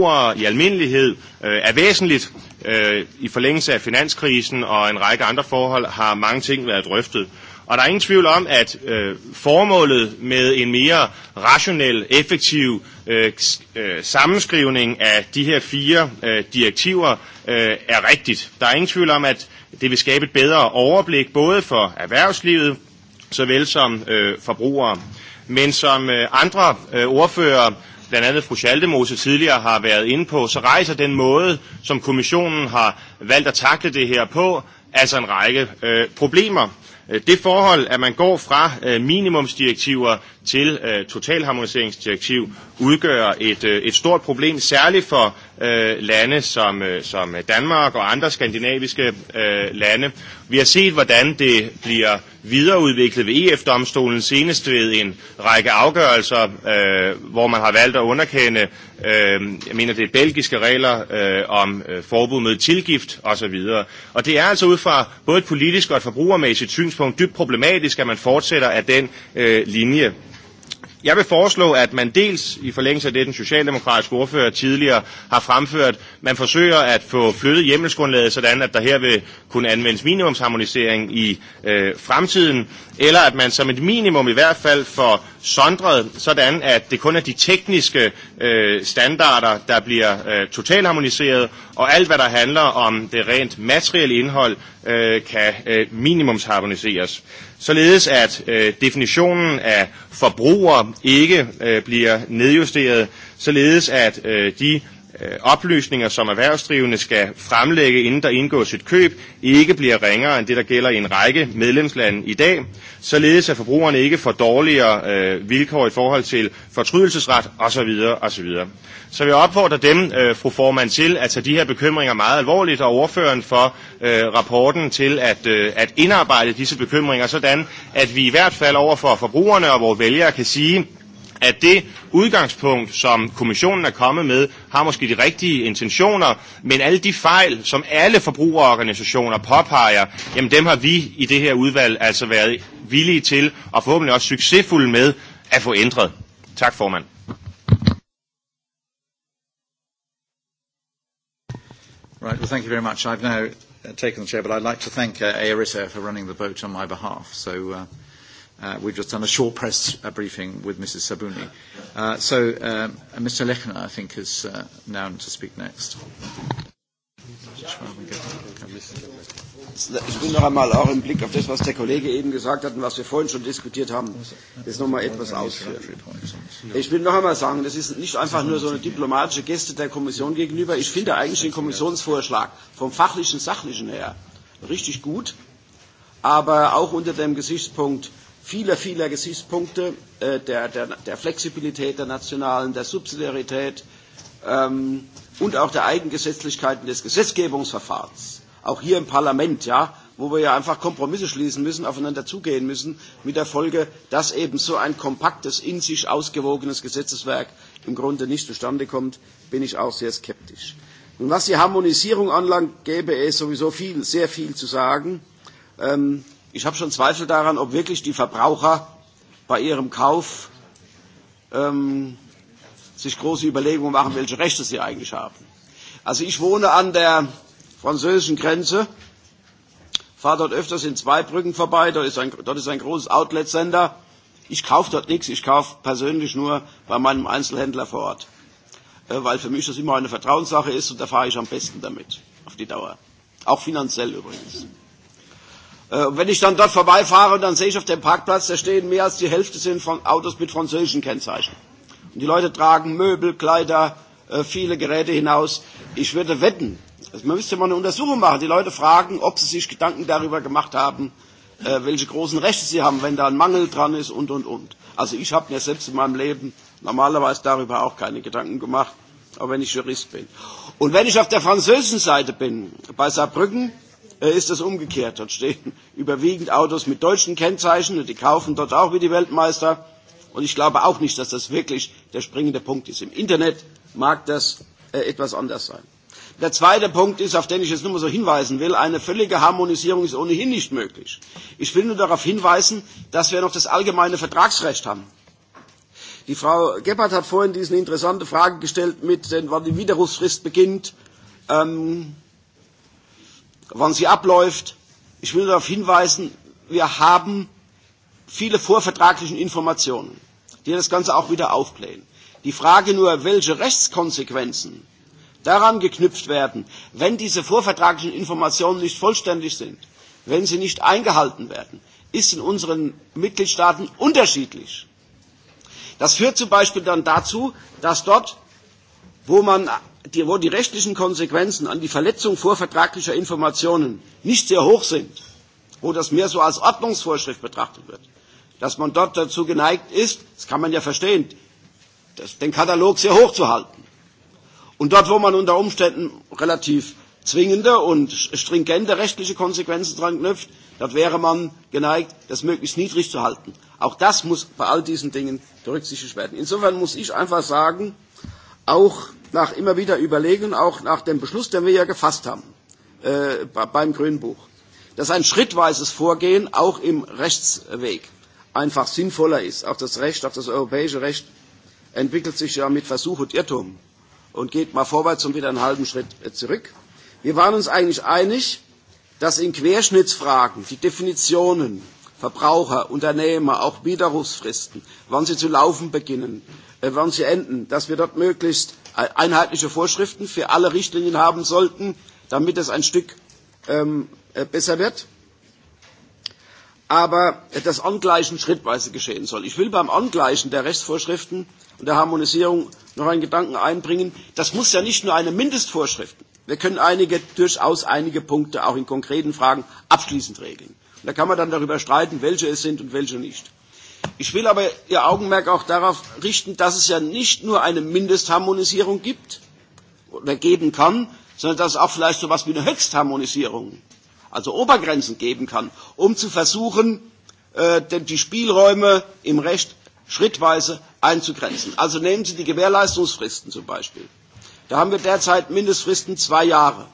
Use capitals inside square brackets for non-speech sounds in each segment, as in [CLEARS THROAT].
forbrugere i almindelighed øh, er væsentligt. Øh, I forlængelse af finanskrisen og en række andre forhold har mange ting været drøftet. Og der er ingen tvivl om, at øh, formålet med en mere rationel, effektiv øh, øh, sammenskrivning af de her fire øh, direktiver øh, er rigtigt. Der er ingen tvivl om, at det vil skabe et bedre overblik både for erhvervslivet såvel som øh, forbrugere. Men som øh, andre øh, ordfører blandt andet fru Schaldemose tidligere har været inde på, så rejser den måde, som kommissionen har valgt at takle det her på, altså en række øh, problemer. Øh, det forhold, at man går fra øh, minimumsdirektiver til øh, totalharmoniseringsdirektiv, udgør et, øh, et stort problem, særligt for øh, øh, lande som, øh, som Danmark og andre skandinaviske øh, lande. Vi har set, hvordan det bliver videreudviklet ved EF-domstolen, senest ved en række afgørelser, øh, hvor man har valgt at underkende, øh, jeg mener det er belgiske regler øh, om øh, forbud mod tilgift osv. Og, Og det er altså ud fra både et politisk og et forbrugermæssigt synspunkt dybt problematisk, at man fortsætter af den øh, linje. Jeg vil foreslå, at man dels i forlængelse af det, den socialdemokratiske ordfører tidligere har fremført, man forsøger at få flyttet hjemmelsgrundlaget sådan, at der her vil kunne anvendes minimumsharmonisering i øh, fremtiden, eller at man som et minimum i hvert fald får sondret sådan, at det kun er de tekniske øh, standarder, der bliver øh, totalharmoniseret, og alt hvad der handler om det rent materielle indhold, øh, kan øh, minimumsharmoniseres således at øh, definitionen af forbruger ikke øh, bliver nedjusteret, således at øh, de Øh, oplysninger, som erhvervsdrivende skal fremlægge, inden der indgås et køb, ikke bliver ringere end det, der gælder i en række medlemslande i dag, således at er forbrugerne ikke får dårligere øh, vilkår i forhold til fortrydelsesret osv. osv. Så vil jeg opfordre dem, øh, fru formand, til at tage de her bekymringer meget alvorligt, og ordføreren for øh, rapporten til at, øh, at indarbejde disse bekymringer, sådan at vi i hvert fald over for forbrugerne og vores vælgere kan sige, at det udgangspunkt, som kommissionen er kommet med, har måske de rigtige intentioner, men alle de fejl, som alle forbrugerorganisationer påpeger, jamen dem har vi i det her udvalg altså været villige til, og forhåbentlig også succesfulde med, at få ændret. Tak formand. Right, well thank you very much. I've now uh, taken the chair, but I'd like to thank uh, Arisa for running the vote on my behalf. So uh, Uh, we've just done a short press uh, briefing with Mrs. Sabuni. Uh, so uh, Mr. Lechner, I think, is uh, now to speak next. Ich will noch einmal auch im Blick auf das, was der Kollege eben gesagt hat und was wir vorhin schon diskutiert haben, das noch mal etwas ausführen. Ich will noch einmal sagen, das ist nicht einfach nur so eine diplomatische Geste der Kommission gegenüber. Ich finde eigentlich den Kommissionsvorschlag vom fachlichen, sachlichen her richtig gut, aber auch unter dem Gesichtspunkt, vieler, vieler Gesichtspunkte äh, der, der, der Flexibilität der nationalen, der Subsidiarität ähm, und auch der Eigengesetzlichkeiten des Gesetzgebungsverfahrens. Auch hier im Parlament, ja, wo wir ja einfach Kompromisse schließen müssen, aufeinander zugehen müssen, mit der Folge, dass eben so ein kompaktes, in sich ausgewogenes Gesetzeswerk im Grunde nicht zustande kommt, bin ich auch sehr skeptisch. Und was die Harmonisierung anlangt, gäbe es sowieso viel, sehr viel zu sagen. Ähm, ich habe schon Zweifel daran, ob wirklich die Verbraucher bei ihrem Kauf ähm, sich große Überlegungen machen, welche Rechte sie eigentlich haben. Also ich wohne an der französischen Grenze, fahre dort öfters in zwei Brücken vorbei, dort ist ein, dort ist ein großes Outlet-Center. Ich kaufe dort nichts, ich kaufe persönlich nur bei meinem Einzelhändler vor Ort, äh, weil für mich das immer eine Vertrauenssache ist und da fahre ich am besten damit, auf die Dauer. Auch finanziell übrigens. Und äh, wenn ich dann dort vorbeifahre, und dann sehe ich auf dem Parkplatz, da stehen mehr als die Hälfte sind von Autos mit französischen Kennzeichen. Und die Leute tragen Möbel, Kleider, äh, viele Geräte hinaus. Ich würde wetten, also man müsste mal eine Untersuchung machen, die Leute fragen, ob sie sich Gedanken darüber gemacht haben, äh, welche großen Rechte sie haben, wenn da ein Mangel dran ist und, und, und. Also ich habe mir selbst in meinem Leben normalerweise darüber auch keine Gedanken gemacht, auch wenn ich Jurist bin. Und wenn ich auf der französischen Seite bin, bei Saarbrücken, Äh, ist es umgekehrt. Dort stehen [LAUGHS] überwiegend Autos mit deutschen Kennzeichen und die kaufen dort auch wie die Weltmeister. Und ich glaube auch nicht, dass das wirklich der springende Punkt ist. Im Internet mag das äh, etwas anders sein. Der zweite Punkt ist, auf den ich jetzt nur mal so hinweisen will, eine völlige Harmonisierung ist ohnehin nicht möglich. Ich will nur darauf hinweisen, dass wir noch das allgemeine Vertragsrecht haben. Die Frau Gebhardt hat vorhin diese interessante Frage gestellt, mit den, wann die Widerrufsfrist beginnt. Ähm, wann sie abläuft. Ich will darauf hinweisen, wir haben viele vorvertragliche Informationen, die das Ganze auch wieder aufblähen. Die Frage nur, welche Rechtskonsequenzen daran geknüpft werden, wenn diese vorvertraglichen Informationen nicht vollständig sind, wenn sie nicht eingehalten werden, ist in unseren Mitgliedstaaten unterschiedlich. Das führt zum Beispiel dann dazu, dass dort wo, man die, wo die rechtlichen Konsequenzen an die Verletzung vorvertraglicher Informationen nicht sehr hoch sind, wo das mehr so als Ordnungsvorschrift betrachtet wird, dass man dort dazu geneigt ist, das kann man ja verstehen, das, den Katalog sehr hoch zu halten. Und dort, wo man unter Umständen relativ zwingende und stringente rechtliche Konsequenzen dran knüpft, dort wäre man geneigt, das möglichst niedrig zu halten. Auch das muss bei all diesen Dingen berücksichtigt werden. Insofern muss ich einfach sagen, auch nach immer wieder Überlegungen, auch nach dem Beschluss, den wir ja gefasst haben äh, beim Grünbuch, dass ein schrittweises Vorgehen auch im Rechtsweg einfach sinnvoller ist. Auch das Recht, auch das europäische Recht entwickelt sich ja mit Versuch und Irrtum und geht mal vorwärts und wieder einen halben Schritt äh, zurück. Wir waren uns eigentlich einig, dass in Querschnittsfragen die Definitionen Verbraucher, Unternehmer, auch Widerrufsfristen, wann sie zu laufen beginnen, äh, wann sie enden, dass wir dort möglichst einheitliche Vorschriften für alle Richtlinien haben sollten, damit es ein Stück ähm, äh, besser wird. Aber das Angleichen schrittweise geschehen soll. Ich will beim Angleichen der Rechtsvorschriften und der Harmonisierung noch einen Gedanken einbringen. Das muss ja nicht nur eine Mindestvorschrift. Wir können einige, durchaus einige Punkte auch in konkreten Fragen abschließend regeln. Und da kann man dann darüber streiten, welche es sind und welche nicht. Ich will aber Ihr Augenmerk auch darauf richten, dass es ja nicht nur eine Mindestharmonisierung gibt oder geben kann, sondern dass es auch vielleicht so etwas wie eine Höchstharmonisierung, also Obergrenzen geben kann, um zu versuchen, äh, die Spielräume im Recht schrittweise einzugrenzen. Also nehmen Sie die Gewährleistungsfristen zum Beispiel. Da haben wir derzeit Mindestfristen zwei Jahre.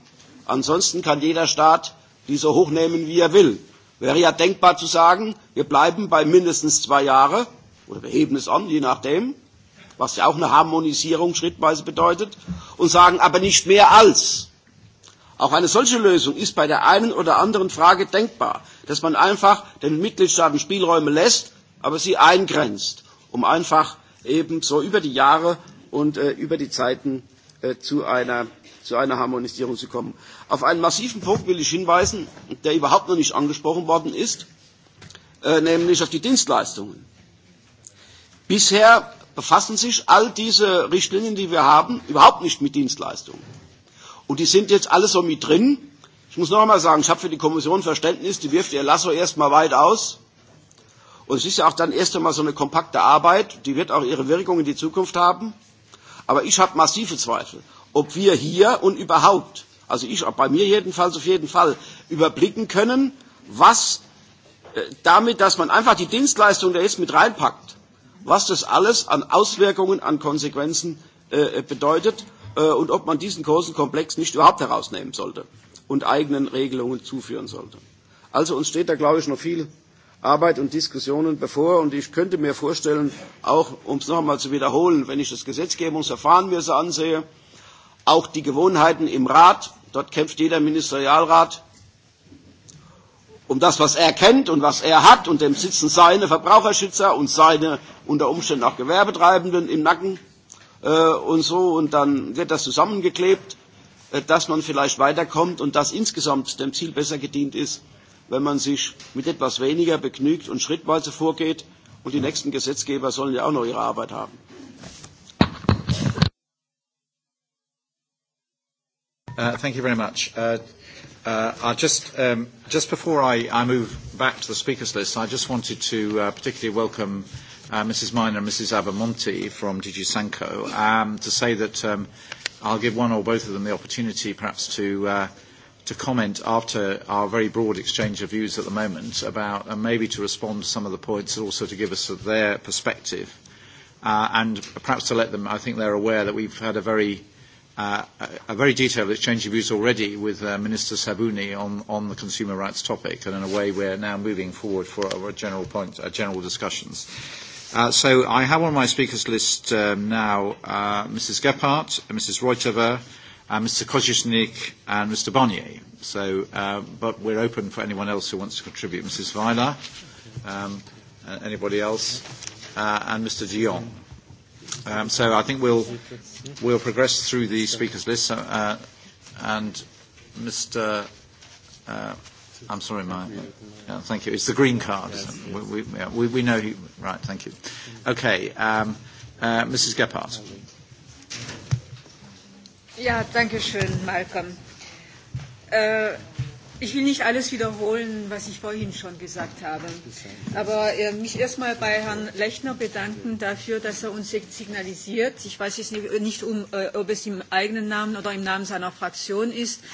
Ansonsten kann jeder Staat diese hochnehmen, wie er will wäre ja denkbar zu sagen, wir bleiben bei mindestens zwei Jahren oder wir heben es an, je nachdem, was ja auch eine Harmonisierung schrittweise bedeutet, und sagen aber nicht mehr als. Auch eine solche Lösung ist bei der einen oder anderen Frage denkbar, dass man einfach den Mitgliedstaaten Spielräume lässt, aber sie eingrenzt, um einfach eben so über die Jahre und äh, über die Zeiten äh, zu einer zu einer Harmonisierung zu kommen. Auf einen massiven Punkt will ich hinweisen, der überhaupt noch nicht angesprochen worden ist, äh, nämlich auf die Dienstleistungen. Bisher befassen sich all diese Richtlinien, die wir haben, überhaupt nicht mit Dienstleistungen. Und die sind jetzt alle so mit drin. Ich muss noch einmal sagen, ich habe für die Kommission Verständnis, die wirft ihr Lasso erstmal weit aus. Und es ist ja auch dann erst einmal so eine kompakte Arbeit, die wird auch ihre Wirkung in die Zukunft haben. Aber ich habe massive Zweifel ob wir hier und überhaupt, also ich, bei mir jedenfalls auf jeden Fall, überblicken können, was äh, damit, dass man einfach die Dienstleistung der jetzt mit reinpackt, was das alles an Auswirkungen, an Konsequenzen äh, bedeutet äh, und ob man diesen großen Komplex nicht überhaupt herausnehmen sollte und eigenen Regelungen zuführen sollte. Also uns steht da, glaube ich, noch viel Arbeit und Diskussionen bevor. Und ich könnte mir vorstellen, auch um es noch einmal zu wiederholen, wenn ich das Gesetzgebungsverfahren mir so ansehe, auch die Gewohnheiten im Rat. Dort kämpft jeder Ministerialrat um das, was er kennt und was er hat. Und dem sitzen seine Verbraucherschützer und seine unter Umständen auch Gewerbetreibenden im Nacken äh, und so. Und dann wird das zusammengeklebt, äh, dass man vielleicht weiterkommt und dass insgesamt dem Ziel besser gedient ist, wenn man sich mit etwas weniger begnügt und schrittweise vorgeht. Und die nächsten Gesetzgeber sollen ja auch noch ihre Arbeit haben. Uh, thank you very much. Uh, uh, I just, um, just before I, I move back to the speakers list, I just wanted to uh, particularly welcome uh, Mrs. Miner and Mrs. Abamonte from DG Sanko um, to say that um, I'll give one or both of them the opportunity perhaps to, uh, to comment after our very broad exchange of views at the moment about, and maybe to respond to some of the points and also to give us their perspective. Uh, and perhaps to let them, I think they're aware that we've had a very uh, a very detailed exchange of views already with uh, Minister Sabuni on, on the consumer rights topic, and in a way we're now moving forward for our general point, our general discussions. Uh, so I have on my speakers list um, now uh, Mrs. Gephardt, Mrs. Reutova, uh, Mr. Kozisnik, and Mr. Barnier. So, uh, but we're open for anyone else who wants to contribute. Mrs. Weiler, um, uh, anybody else, uh, and Mr. Dion. Um, so I think we'll, we'll progress through the speakers list. So, uh, and Mr. Uh, I'm sorry, my, yeah, thank you. It's the green card. Yes, yes. We, we, yeah, we, we know who. Right, thank you. Okay, um, uh, Mrs. Gephardt. Yeah, thank you, Malcolm. Uh, Ich will nicht alles wiederholen, was ich vorhin schon gesagt habe. Aber äh, mich erstmal bei Herrn Lechner bedanken dafür, dass er uns signalisiert. Ich weiß jetzt nicht, um, äh, ob es im eigenen Namen oder im Namen seiner Fraktion ist,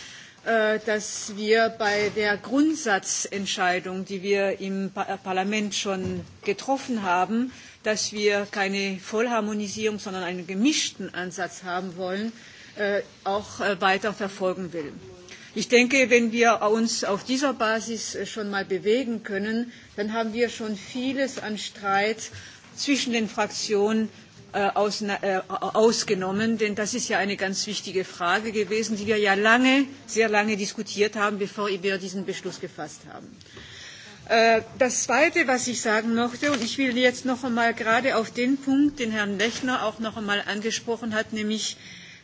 äh, dass wir bei der Grundsatzentscheidung, die wir im pa äh, Parlament schon getroffen haben, dass wir keine Vollharmonisierung, sondern einen gemischten Ansatz haben wollen, äh, auch äh, weiter verfolgen will. Ich denke, wenn wir uns auf dieser Basis äh, schon mal bewegen können, dann haben wir schon vieles an Streit zwischen den Fraktionen äh, aus, äh, ausgenommen, denn das ist ja eine ganz wichtige Frage gewesen, die wir ja lange, sehr lange diskutiert haben, bevor wir diesen Beschluss gefasst haben. Äh, das Zweite, was ich sagen möchte, und ich will jetzt noch einmal gerade auf den Punkt, den Herrn Lechner auch noch einmal angesprochen hat, nämlich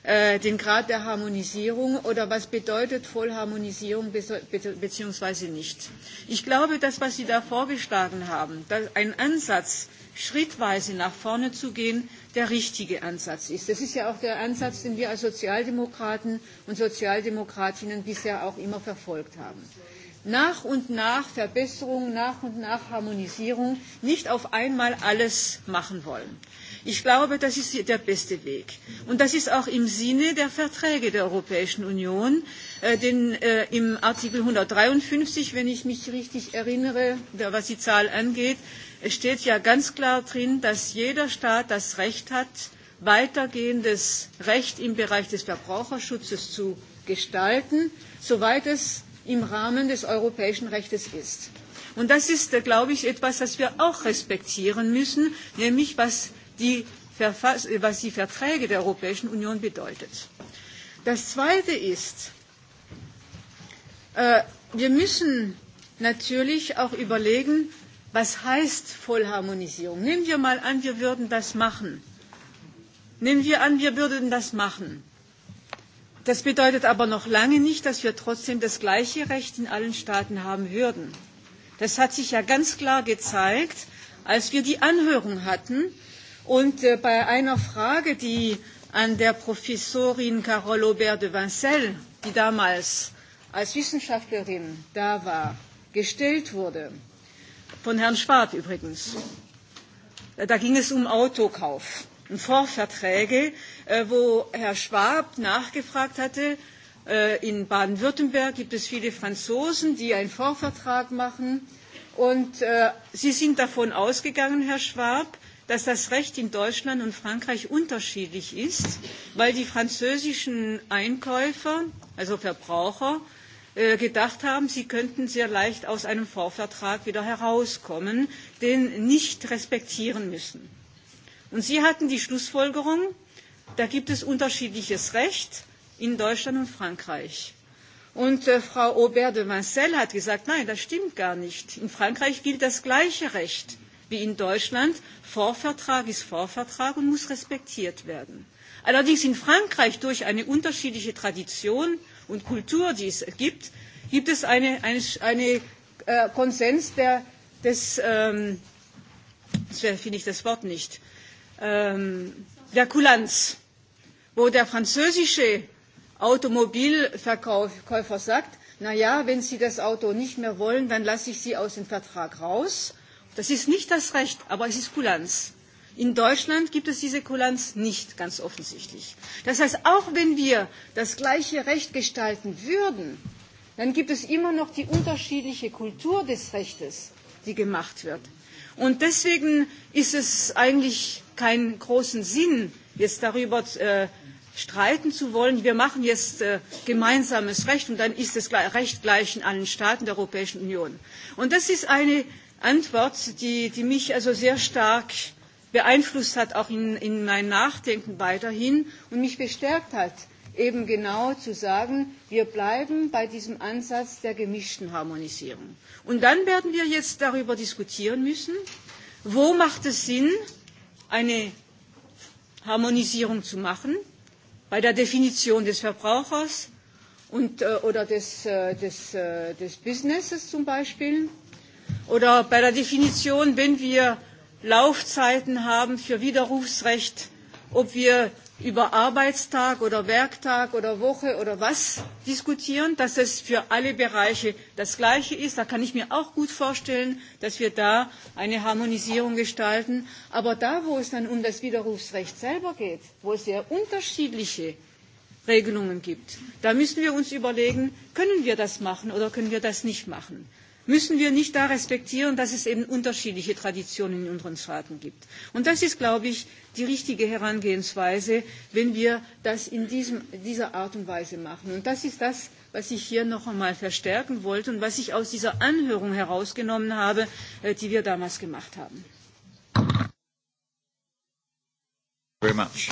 Äh, den Grad der Harmonisierung oder was bedeutet Vollharmonisierung beziehungsweise nicht. Ich glaube, das, was Sie da vorgeschlagen haben, dass ein Ansatz, schrittweise nach vorne zu gehen, der richtige Ansatz ist. Das ist ja auch der Ansatz, den wir als Sozialdemokraten und Sozialdemokratinnen bisher auch immer verfolgt haben. Nach und nach Verbesserung, nach und nach Harmonisierung, nicht auf einmal alles machen wollen. Ich glaube, das ist der beste Weg. Und das ist auch im Sinne der Verträge der Europäischen Union, äh, denn äh, im Artikel 153, wenn ich mich richtig erinnere, der, was die Zahl angeht, steht ja ganz klar drin, dass jeder Staat das Recht hat, weitergehendes Recht im Bereich des Verbraucherschutzes zu gestalten, soweit es im Rahmen des europäischen Rechts ist. Und das ist, äh, glaube ich, etwas, das wir auch respektieren müssen, nämlich was die, was die Verträge der Europäischen Union bedeutet. Das Zweite ist, äh, wir müssen natürlich auch überlegen, was heißt Vollharmonisierung. Nehmen wir mal an, wir würden das machen. Nehmen wir an, wir würden das machen. Das bedeutet aber noch lange nicht, dass wir trotzdem das gleiche Recht in allen Staaten haben würden. Das hat sich ja ganz klar gezeigt, als wir die Anhörung hatten Und äh, bei einer Frage, die an der Professorin Carole Aubert de Vincel, die damals als Wissenschaftlerin da war, gestellt wurde, von Herrn Schwab übrigens. Äh, da ging es um Autokauf und um Vorverträge, äh, wo Herr Schwab nachgefragt hatte, äh, in Baden-Württemberg gibt es viele Franzosen, die einen Vorvertrag machen. Und äh, Sie sind davon ausgegangen, Herr Schwab, dass das Recht in Deutschland und Frankreich unterschiedlich ist, weil die französischen Einkäufer, also Verbraucher, äh, gedacht haben, sie könnten sehr leicht aus einem Vorvertrag wieder herauskommen, den nicht respektieren müssen. Und sie hatten die Schlussfolgerung, da gibt es unterschiedliches Recht in Deutschland und Frankreich. Und äh, Frau Aubert de Vincel hat gesagt, nein, das stimmt gar nicht. In Frankreich gilt das gleiche Recht wie in Deutschland, Vorvertrag ist Vorvertrag und muss respektiert werden. Allerdings in Frankreich durch eine unterschiedliche Tradition und Kultur, die es gibt, gibt es einen eine, eine, äh, Konsens der, des, ähm, finde ich das Wort nicht, ähm, der Kulanz, wo der französische Automobilverkäufer sagt, na ja, wenn Sie das Auto nicht mehr wollen, dann lasse ich Sie aus dem Vertrag raus. Das ist nicht das Recht, aber es ist Kulanz. In Deutschland gibt es diese Kulanz nicht, ganz offensichtlich. Das heißt, auch wenn wir das gleiche Recht gestalten würden, dann gibt es immer noch die unterschiedliche Kultur des Rechtes, die gemacht wird. Und deswegen ist es eigentlich keinen großen Sinn, jetzt darüber äh, streiten zu wollen. Wir machen jetzt äh, gemeinsames Recht und dann ist das Recht gleich in allen Staaten der Europäischen Union. Und das ist eine Antwort, die, die mich also sehr stark beeinflusst hat, auch in, in mein Nachdenken weiterhin und mich bestärkt hat, eben genau zu sagen, wir bleiben bei diesem Ansatz der gemischten Harmonisierung. Und dann werden wir jetzt darüber diskutieren müssen, wo macht es Sinn, eine Harmonisierung zu machen, bei der Definition des Verbrauchers und, äh, oder des, äh, des, äh, des Businesses zum Beispiel, Oder bei der Definition, wenn wir Laufzeiten haben für Widerrufsrecht, ob wir über Arbeitstag oder Werktag oder Woche oder was diskutieren, dass es für alle Bereiche das Gleiche ist. Da kann ich mir auch gut vorstellen, dass wir da eine Harmonisierung gestalten. Aber da, wo es dann um das Widerrufsrecht selber geht, wo es sehr unterschiedliche Regelungen gibt, da müssen wir uns überlegen, können wir das machen oder können wir das nicht machen müssen wir nicht da respektieren, dass es eben unterschiedliche Traditionen in unseren Staaten gibt. Und das ist, glaube ich, die richtige Herangehensweise, wenn wir das in diesem, dieser Art und Weise machen. Und das ist das, was ich hier noch einmal verstärken wollte und was ich aus dieser Anhörung herausgenommen habe, äh, die wir damals gemacht haben. Very much.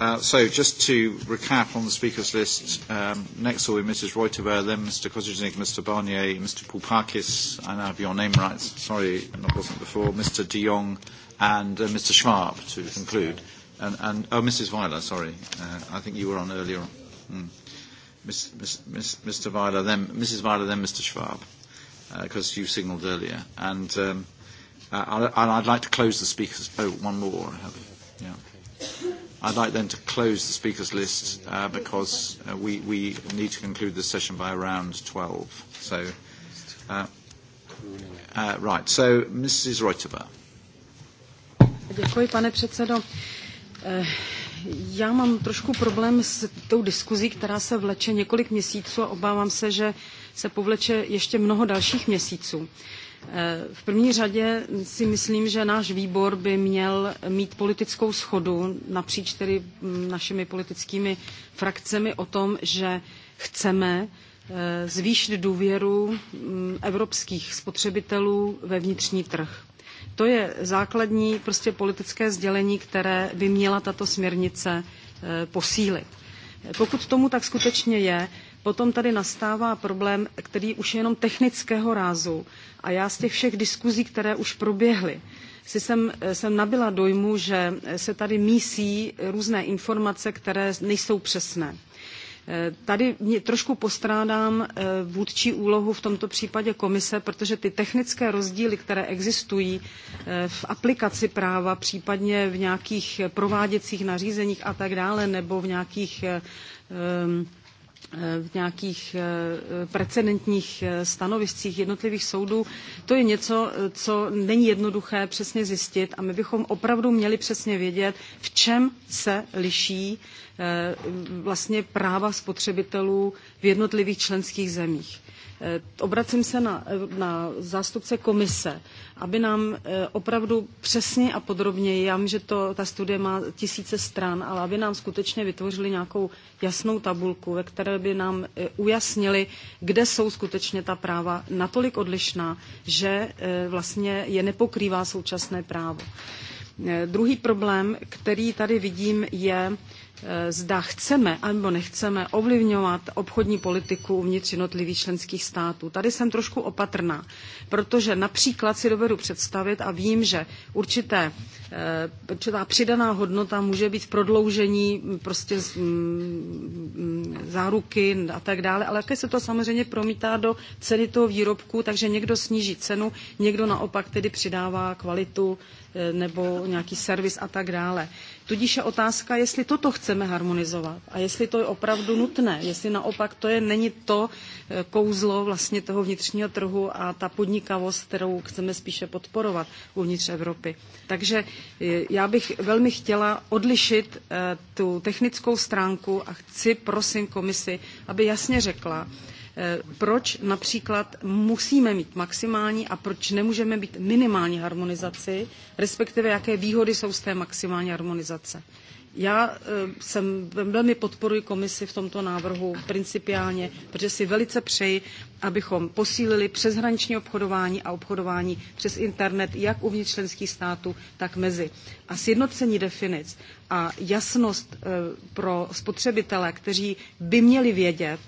Uh, so just to recap on the speakers list, um, next will be Mrs. Reuterer, then Mr. Kozijnik, Mr. Barnier, Mr. Poupakis, I now have your name right, sorry, not wasn't before, Mr. de Jong, and uh, Mr. Schwab to conclude. And, and oh, Mrs. Weiler, sorry, uh, I think you were on earlier. Mm. Miss, miss, miss, Mr. Weiler, then Mrs. Weiler, then Mr. Schwab, because uh, you signalled earlier. And um, uh, I'd, I'd like to close the speakers. Oh, one more. I have, yeah. I'd like then to close the speakers list uh, because uh, we, need to conclude this session by around 12. So, uh, right. Mrs. Reutová. Děkuji, pane předsedo. Eh, já mám trošku problém s tou diskuzí, která se vleče několik měsíců a obávám se, že se povleče ještě mnoho dalších měsíců. Eh, v první řadě si myslím, že náš výbor by měl mít politickou schodu napříč tedy mm, našimi politickými frakcemi o tom, že chceme eh, zvýšit důvěru mm, evropských spotřebitelů ve vnitřní trh. To je základní prostě politické sdělení, které by měla tato směrnice eh, posílit. Pokud tomu tak skutečně je, potom tady nastává problém, který už je jenom technického rázu. A já z těch všech diskuzí, které už proběhly, si jsem, eh, jsem nabila dojmu, že eh, se tady mísí různé informace, které nejsou přesné. Eh, tady mě trošku postrádám vůdčí úlohu v tomto případě komise, protože ty technické rozdíly, které existují v aplikaci práva, případně v nějakých prováděcích nařízeních a tak dále, nebo v nějakých um, Eh, v nějakých eh, precedentních eh, stanoviscích jednotlivých soudů, to je něco, co není jednoduché přesně zjistit a my bychom opravdu měli přesně vědět, v čem se liší Eh, vlastně práva spotřebitelů v jednotlivých členských zemích. Eh, obracím se na, eh, na zástupce komise, aby nám opravdu přesně a podrobně, já vím, že to, ta studie má tisíce stran, ale aby nám skutečně vytvořili nějakou jasnou tabulku, ve které by nám ujasnili, kde jsou skutečně ta práva natolik odlišná, že vlastně je nepokrývá současné právo. Druhý problém, který tady vidím, je Eh, zda chceme anebo nechceme ovlivňovat obchodní politiku uvnitř jednotlivých členských států. Tady jsem trošku opatrná, protože například si dovedu představit a vím, že určité, eh, určitá přidaná hodnota může být v prodloužení prostě mm, mm, záruky a tak dále, ale také se to samozřejmě promítá do ceny toho výrobku, takže někdo sníží cenu, někdo naopak tedy přidává kvalitu eh, nebo nějaký servis a tak dále. Tudíž je otázka, jestli toto chceme harmonizovat a jestli to je opravdu nutné, jestli naopak to je, není to e, kouzlo vlastně toho vnitřního trhu a ta podnikavost, kterou chceme spíše podporovat uvnitř Evropy. Takže e, já bych velmi chtěla odlišit e, tu technickou stránku a chci prosím komisi, aby jasně řekla, Eh, proč například musíme mít maximální a proč nemůžeme mít minimální harmonizaci, respektive jaké výhody jsou z té maximální harmonizace. Já eh, jsem velmi podporuji komisi v tomto návrhu principiálně, protože si velice přeji, abychom posílili přeshraniční obchodování a obchodování přes internet jak uvnitř členských států, tak mezi. A sjednocení definic a jasnost eh, pro spotřebitele, kteří by měli vědět,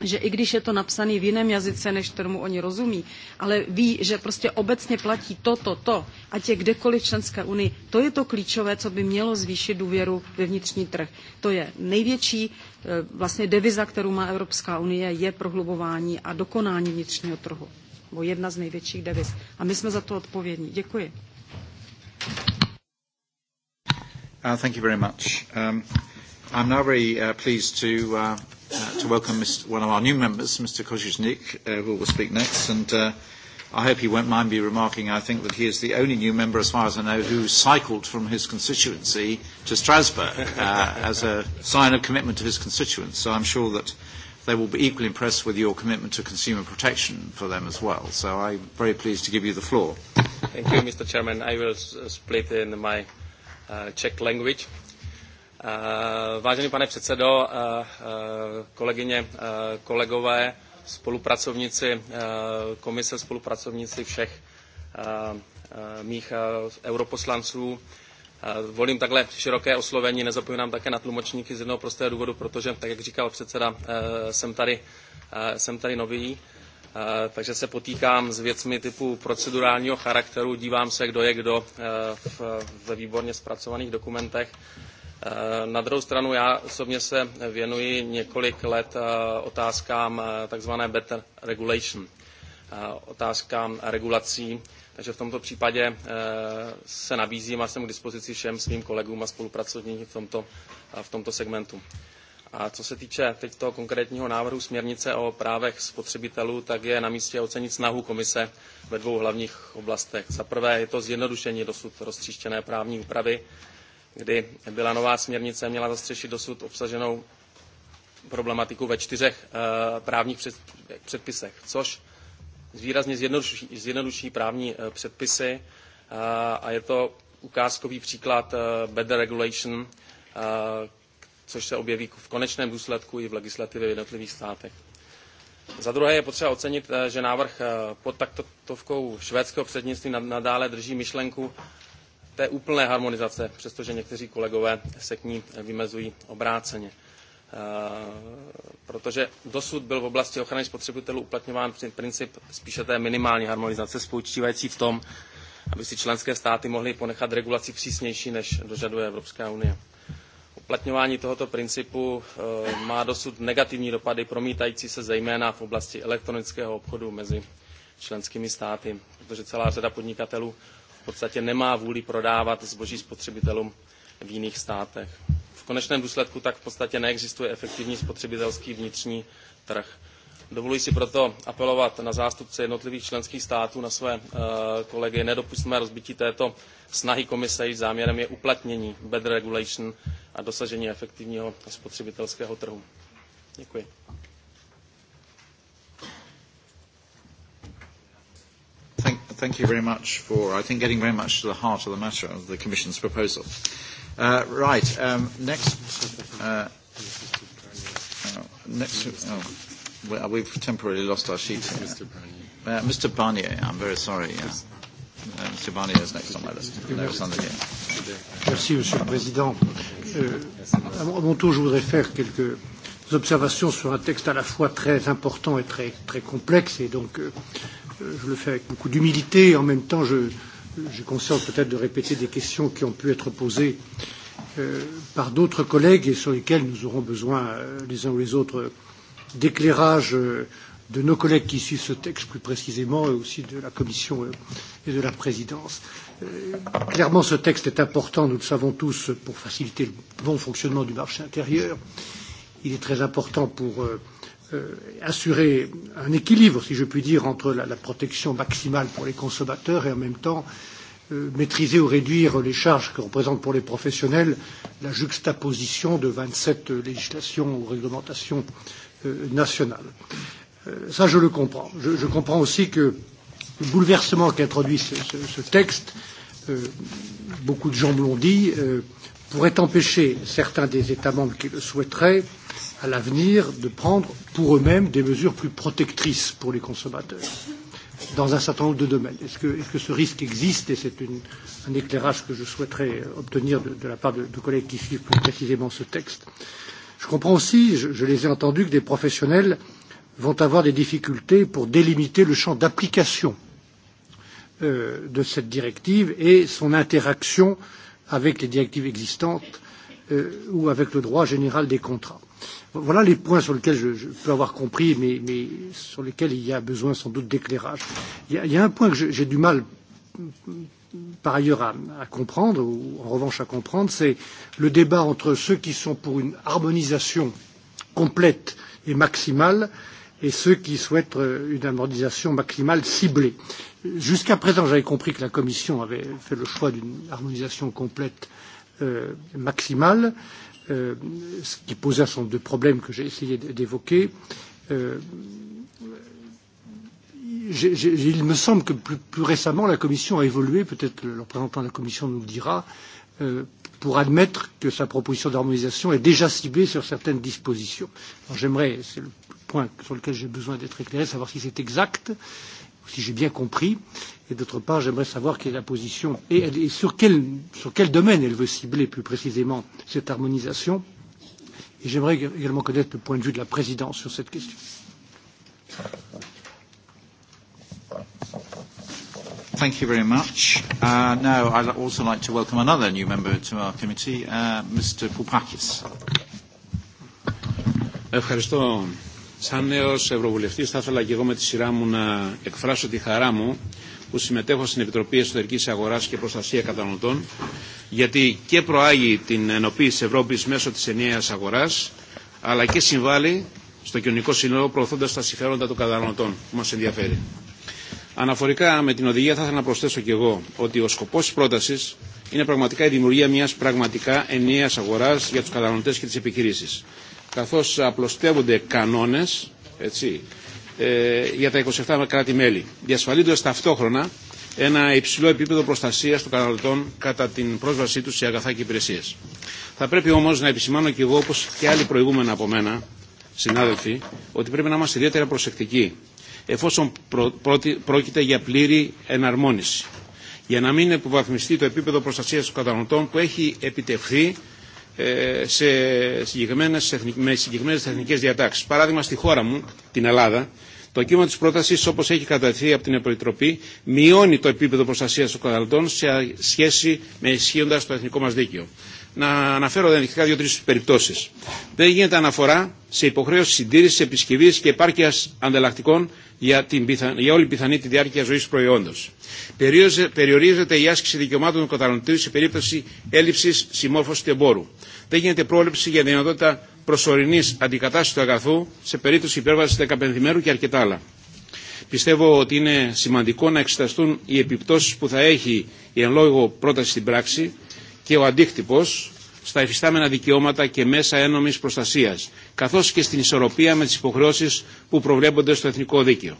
že i když je to napsané v jiném jazyce, než kterému oni rozumí, ale ví, že prostě obecně platí to, to, to, ať je kdekoliv v členské unii, to je to klíčové, co by mělo zvýšit důvěru ve vnitřní trh. To je největší e, vlastně deviza, kterou má Evropská unie, je prohlubování a dokonání vnitřního trhu. Bo jedna z největších deviz. A my jsme za to odpovědní. Děkuji. Uh, thank you very much. Um... I'm now very uh, pleased to, uh, uh, to welcome Mr. one of our new members, Mr. Kozuznik, uh, who will speak next. And uh, I hope he won't mind me remarking, I think that he is the only new member, as far as I know, who cycled from his constituency to Strasbourg uh, as a sign of commitment to his constituents. So I'm sure that they will be equally impressed with your commitment to consumer protection for them as well. So I'm very pleased to give you the floor. Thank you, Mr. Chairman. I will uh, split in my uh, Czech language. Eh, vážený pane předsedo, eh, eh, kolegyně, kolegové, spolupracovníci komise, spolupracovníci všech mých europoslanců. Volím takhle široké oslovení, nezapomínám také na tlumočníky z jednoho prostého důvodu, protože, tak jak říkal předseda, jsem tady, jsem tady nový, takže se potýkám s věcmi typu procedurálního charakteru, dívám se, kdo je kdo ve výborně zpracovaných dokumentech Eh, na druhou stranu já osobně se věnuji několik let eh, otázkám eh, tzv. better regulation, otázkám regulací, takže v tomto případě se nabízím a jsem k dispozici všem svým kolegům a spolupracovníkům v tomto, v tomto segmentu. A co se týče teď toho konkrétního návrhu směrnice o právech spotřebitelů, tak je na místě ocenit snahu komise ve dvou hlavních oblastech. Za prvé je to zjednodušení dosud roztříštěné právní úpravy kdy byla nová směrnice, měla zastřešit dosud obsaženou problematiku ve čtyřech eh, právních předpisech, což výrazně zjednoduší, zjednoduší právní eh, předpisy eh, a je to ukázkový příklad better regulation, což se objeví v konečném důsledku i v legislativě v jednotlivých státech. Za druhé je potřeba ocenit, že návrh pod taktovkou švédského předsednictví nadále drží myšlenku té úplné harmonizace, přestože někteří kolegové se k ní vymezují obráceně. E, protože dosud byl v oblasti ochrany spotřebitelů uplatňován princip spíše té minimální harmonizace, spočívající v tom, aby si členské státy mohly ponechat regulaci přísnější, než dožaduje Evropská unie. Uplatňování tohoto principu e, má dosud negativní dopady, promítající se zejména v oblasti elektronického obchodu mezi členskými státy, protože celá řada podnikatelů v podstatě nemá vůli prodávat zboží spotřebitelům v jiných státech. V konečném důsledku tak v podstatě neexistuje efektivní spotřebitelský vnitřní trh. Dovoluji si proto apelovat na zástupce jednotlivých členských států, na své eh, kolegy, Nedopustíme rozbití této snahy komise, jejíž záměrem je uplatnění better regulation a dosažení efektivního spotřebitelského trhu. Děkuji. thank you very much for, I think, getting very much to the heart of the matter of the Commission's proposal. Uh, right, um, next. Uh, uh, next. Oh, well, we've temporarily lost our sheet. Here. Uh, Mr. Barnier, I'm very sorry. Yeah. Uh, Mr. Barnier is next on my list. No, it's under here. Merci, Monsieur le Président. Euh, à mon tour, je voudrais faire quelques observations sur un texte à la fois très important et très, très complexe, et donc euh, je le fais avec beaucoup d'humilité et en même temps, j'ai conscience peut-être de répéter des questions qui ont pu être posées euh, par d'autres collègues et sur lesquelles nous aurons besoin euh, les uns ou les autres d'éclairage euh, de nos collègues qui suivent ce texte plus précisément et aussi de la Commission euh, et de la Présidence. Euh, clairement, ce texte est important, nous le savons tous, pour faciliter le bon fonctionnement du marché intérieur. Il est très important pour euh, Euh, assurer un équilibre, si je puis dire, entre la, la protection maximale pour les consommateurs et en même temps euh, maîtriser ou réduire les charges que représente pour les professionnels la juxtaposition de 27 législations ou réglementations euh, nationales. Euh, ça, je le comprends. Je, je comprends aussi que le bouleversement qu'introduit ce, ce, ce texte, euh, beaucoup de gens me l'ont dit, euh, pourrait empêcher certains des États membres qui le souhaiteraient euh, à l'avenir de prendre pour eux-mêmes des mesures plus protectrices pour les consommateurs dans un certain nombre de domaines. Est-ce que, est -ce, que ce risque existe Et c'est un éclairage que je souhaiterais obtenir de, de la part de, de collègues qui suivent plus précisément ce texte. Je comprends aussi, je, je les ai entendus, que des professionnels vont avoir des difficultés pour délimiter le champ d'application euh, de cette directive et son interaction avec les directives existantes euh, ou avec le droit général des contrats. Voilà les points sur lesquels je, je peux avoir compris, mais, mais sur lesquels il y a besoin sans doute d'éclairage. Il, y a, il y a un point que j'ai du mal par ailleurs à, à comprendre, ou en revanche à comprendre, c'est le débat entre ceux qui sont pour une harmonisation complète et maximale et ceux qui souhaitent euh, une harmonisation maximale ciblée. Jusqu'à présent, j'avais compris que la Commission avait fait le choix d'une harmonisation complète euh, euh, maximale, euh, ce qui pose un certain nombre de problèmes que j'ai essayé d'évoquer. Euh, il me semble que plus, plus récemment, la Commission a évolué, peut-être le représentant de la Commission nous le dira, euh, pour admettre que sa proposition d'harmonisation est déjà ciblée sur certaines dispositions. J'aimerais, c'est le point sur lequel j'ai besoin d'être éclairé, savoir si c'est exact. Euh, si j'ai bien compris. Et d'autre part, j'aimerais savoir quelle est la position et, et sur, quel, sur quel domaine elle veut cibler plus précisément cette harmonisation. Et j'aimerais également connaître le point de vue de la présidence sur cette question. Thank you very much. Uh, now, I'd also like to welcome another new member to our committee, uh, Mr. Poupakis. Σαν νέο Ευρωβουλευτή, θα ήθελα και εγώ με τη σειρά μου να εκφράσω τη χαρά μου που συμμετέχω στην Επιτροπή Εσωτερική Αγορά και Προστασία Καταναλωτών γιατί και προάγει την ενοποίηση τη Ευρώπη μέσω τη ενιαία αγορά, αλλά και συμβάλλει στο κοινωνικό σύνολο προωθώντα τα συμφέροντα των καταναλωτών που μα ενδιαφέρει. Αναφορικά με την οδηγία θα ήθελα να προσθέσω και εγώ ότι ο σκοπός της πρότασης είναι πραγματικά η δημιουργία μιας πραγματικά ενιαίας αγοράς για τους καταναλωτές και τις επιχειρήσεις καθώς απλωστεύονται κανόνες έτσι, ε, για τα 27 κράτη-μέλη, διασφαλίζοντας ταυτόχρονα ένα υψηλό επίπεδο προστασία των καταναλωτών κατά την πρόσβασή του σε αγαθά και υπηρεσίε. Θα πρέπει όμω να επισημάνω και εγώ, όπω και άλλοι προηγούμενα από μένα, συνάδελφοι, ότι πρέπει να είμαστε ιδιαίτερα προσεκτικοί, εφόσον προ, προ, πρόκειται για πλήρη εναρμόνιση, για να μην υποβαθμιστεί το επίπεδο προστασία των καταναλωτών που έχει επιτευχθεί σε συγκεκριμένες, με συγκεκριμένες εθνικές διατάξεις. Παράδειγμα, στη χώρα μου, την Ελλάδα, το κύμα της πρότασης, όπως έχει κατατεθεί από την Επιτροπή, μειώνει το επίπεδο προστασίας των καταναλωτών σε σχέση με ισχύοντας το εθνικό μας δίκαιο να αναφέρω ενδεικτικά δύο-τρει περιπτώσει. Δεν γίνεται αναφορά σε υποχρέωση συντήρηση, επισκευή και επάρκεια ανταλλακτικών για, την πιθα... για όλη πιθανή τη διάρκεια ζωή του προϊόντο. Περιορίζεται η άσκηση δικαιωμάτων του καταναλωτή σε περίπτωση έλλειψη συμμόρφωση του εμπόρου. Δεν γίνεται πρόληψη για δυνατότητα προσωρινή αντικατάσταση του αγαθού σε περίπτωση υπέρβαση 15 μέρου και αρκετά άλλα. Πιστεύω ότι είναι σημαντικό να εξεταστούν οι επιπτώσει που θα έχει η εν λόγω πρόταση στην πράξη και ο αντίκτυπος στα υφιστάμενα δικαιώματα και μέσα ένομης προστασίας, καθώς και στην ισορροπία με τις υποχρεώσεις που προβλέπονται στο Εθνικό Δίκαιο.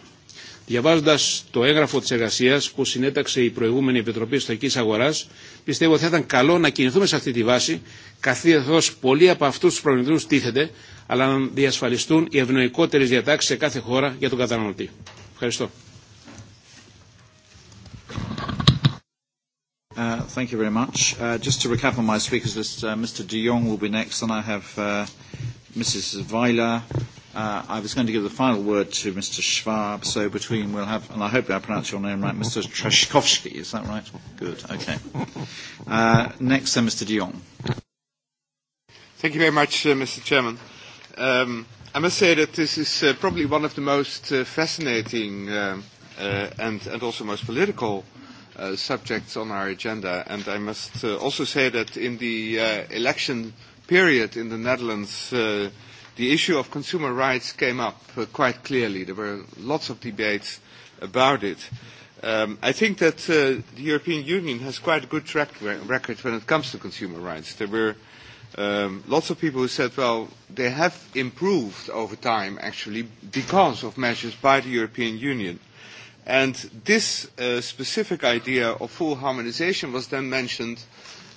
Διαβάζοντα το έγγραφο τη εργασία που συνέταξε η προηγούμενη Επιτροπή Ιστορική Αγορά, πιστεύω ότι θα ήταν καλό να κινηθούμε σε αυτή τη βάση, καθώ πολλοί από αυτού του προβληματισμού τίθενται, αλλά να διασφαλιστούν οι ευνοϊκότερε διατάξει σε κάθε χώρα για τον καταναλωτή. Ευχαριστώ. Uh, thank you very much. Uh, just to recap on my speakers list, uh, Mr. de Jong will be next, and I have Mrs. Weiler. I was going to give the final word to Mr. Schwab, so between we'll have, and I hope I pronounce your name right, Mr. Trzaskowski. is that right? Good, okay. next, then, Mr. de Jong. Thank you very much, Mr. Chairman. Um, I must say that this is probably one of the most fascinating um, and, also most political uh, subjects on our agenda. And I must uh, also say that in the uh, election period in the Netherlands, uh, the issue of consumer rights came up uh, quite clearly. There were lots of debates about it. Um, I think that uh, the European Union has quite a good track record when it comes to consumer rights. There were um, lots of people who said, well, they have improved over time, actually, because of measures by the European Union. And this uh, specific idea of full harmonization was then mentioned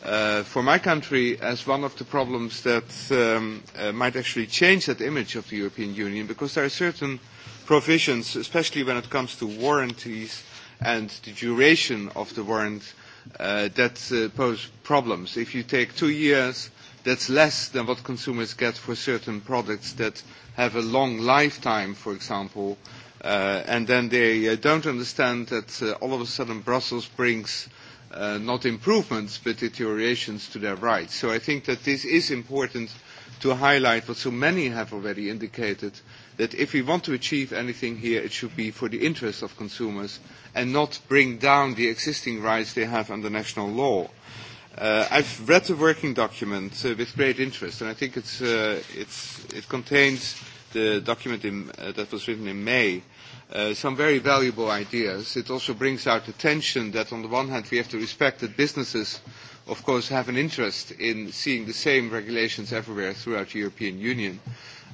uh, for my country as one of the problems that um, uh, might actually change that image of the European Union because there are certain provisions, especially when it comes to warranties and the duration of the warrant, uh, that uh, pose problems. If you take two years, that's less than what consumers get for certain products that have a long lifetime, for example, Uh, and then they uh, don't understand that uh, all of a sudden Brussels brings uh, not improvements but deteriorations to their rights. So I think that this is important to highlight what so many have already indicated, that if we want to achieve anything here, it should be for the interest of consumers and not bring down the existing rights they have under national law. Uh, I've read the working document uh, with great interest, and I think it's, uh, it's, it contains the document in, uh, that was written in May Uh, some very valuable ideas. It also brings out the tension that on the one hand we have to respect that businesses of course have an interest in seeing the same regulations everywhere throughout the European Union.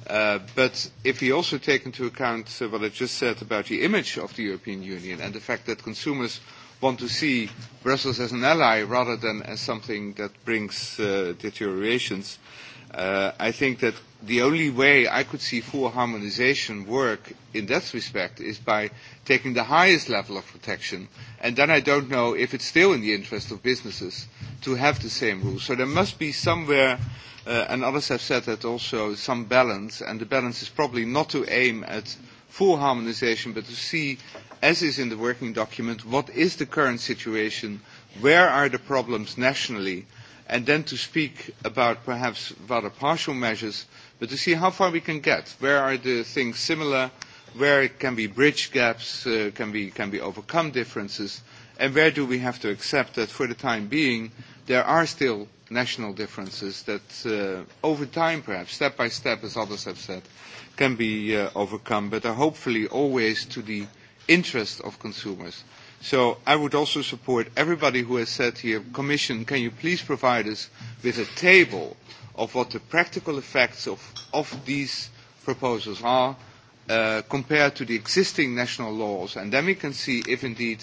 Uh, but if we also take into account uh, what I just said about the image of the European Union and the fact that consumers want to see Brussels as an ally rather than as something that brings uh, deteriorations, uh, Uh, I think that the only way I could see full harmonization work in that respect is by taking the highest level of protection, and then I don't know if it's still in the interest of businesses to have the same rules. So there must be somewhere, uh, and others have said that also, some balance, and the balance is probably not to aim at full harmonization, but to see, as is in the working document, what is the current situation, where are the problems nationally, uh, and then to speak about perhaps rather partial measures, but to see how far we can get. Where are the things similar? Where can we bridge gaps? Uh, can, we, can we overcome differences? And where do we have to accept that for the time being, there are still national differences that uh, over time, perhaps, step by step, as others have said, can be uh, overcome, but are hopefully always to the interest of consumers So I would also support everybody who has said here, Commission, can you please provide us with a table of what the practical effects of, of these proposals are uh, compared to the existing national laws, and then we can see if indeed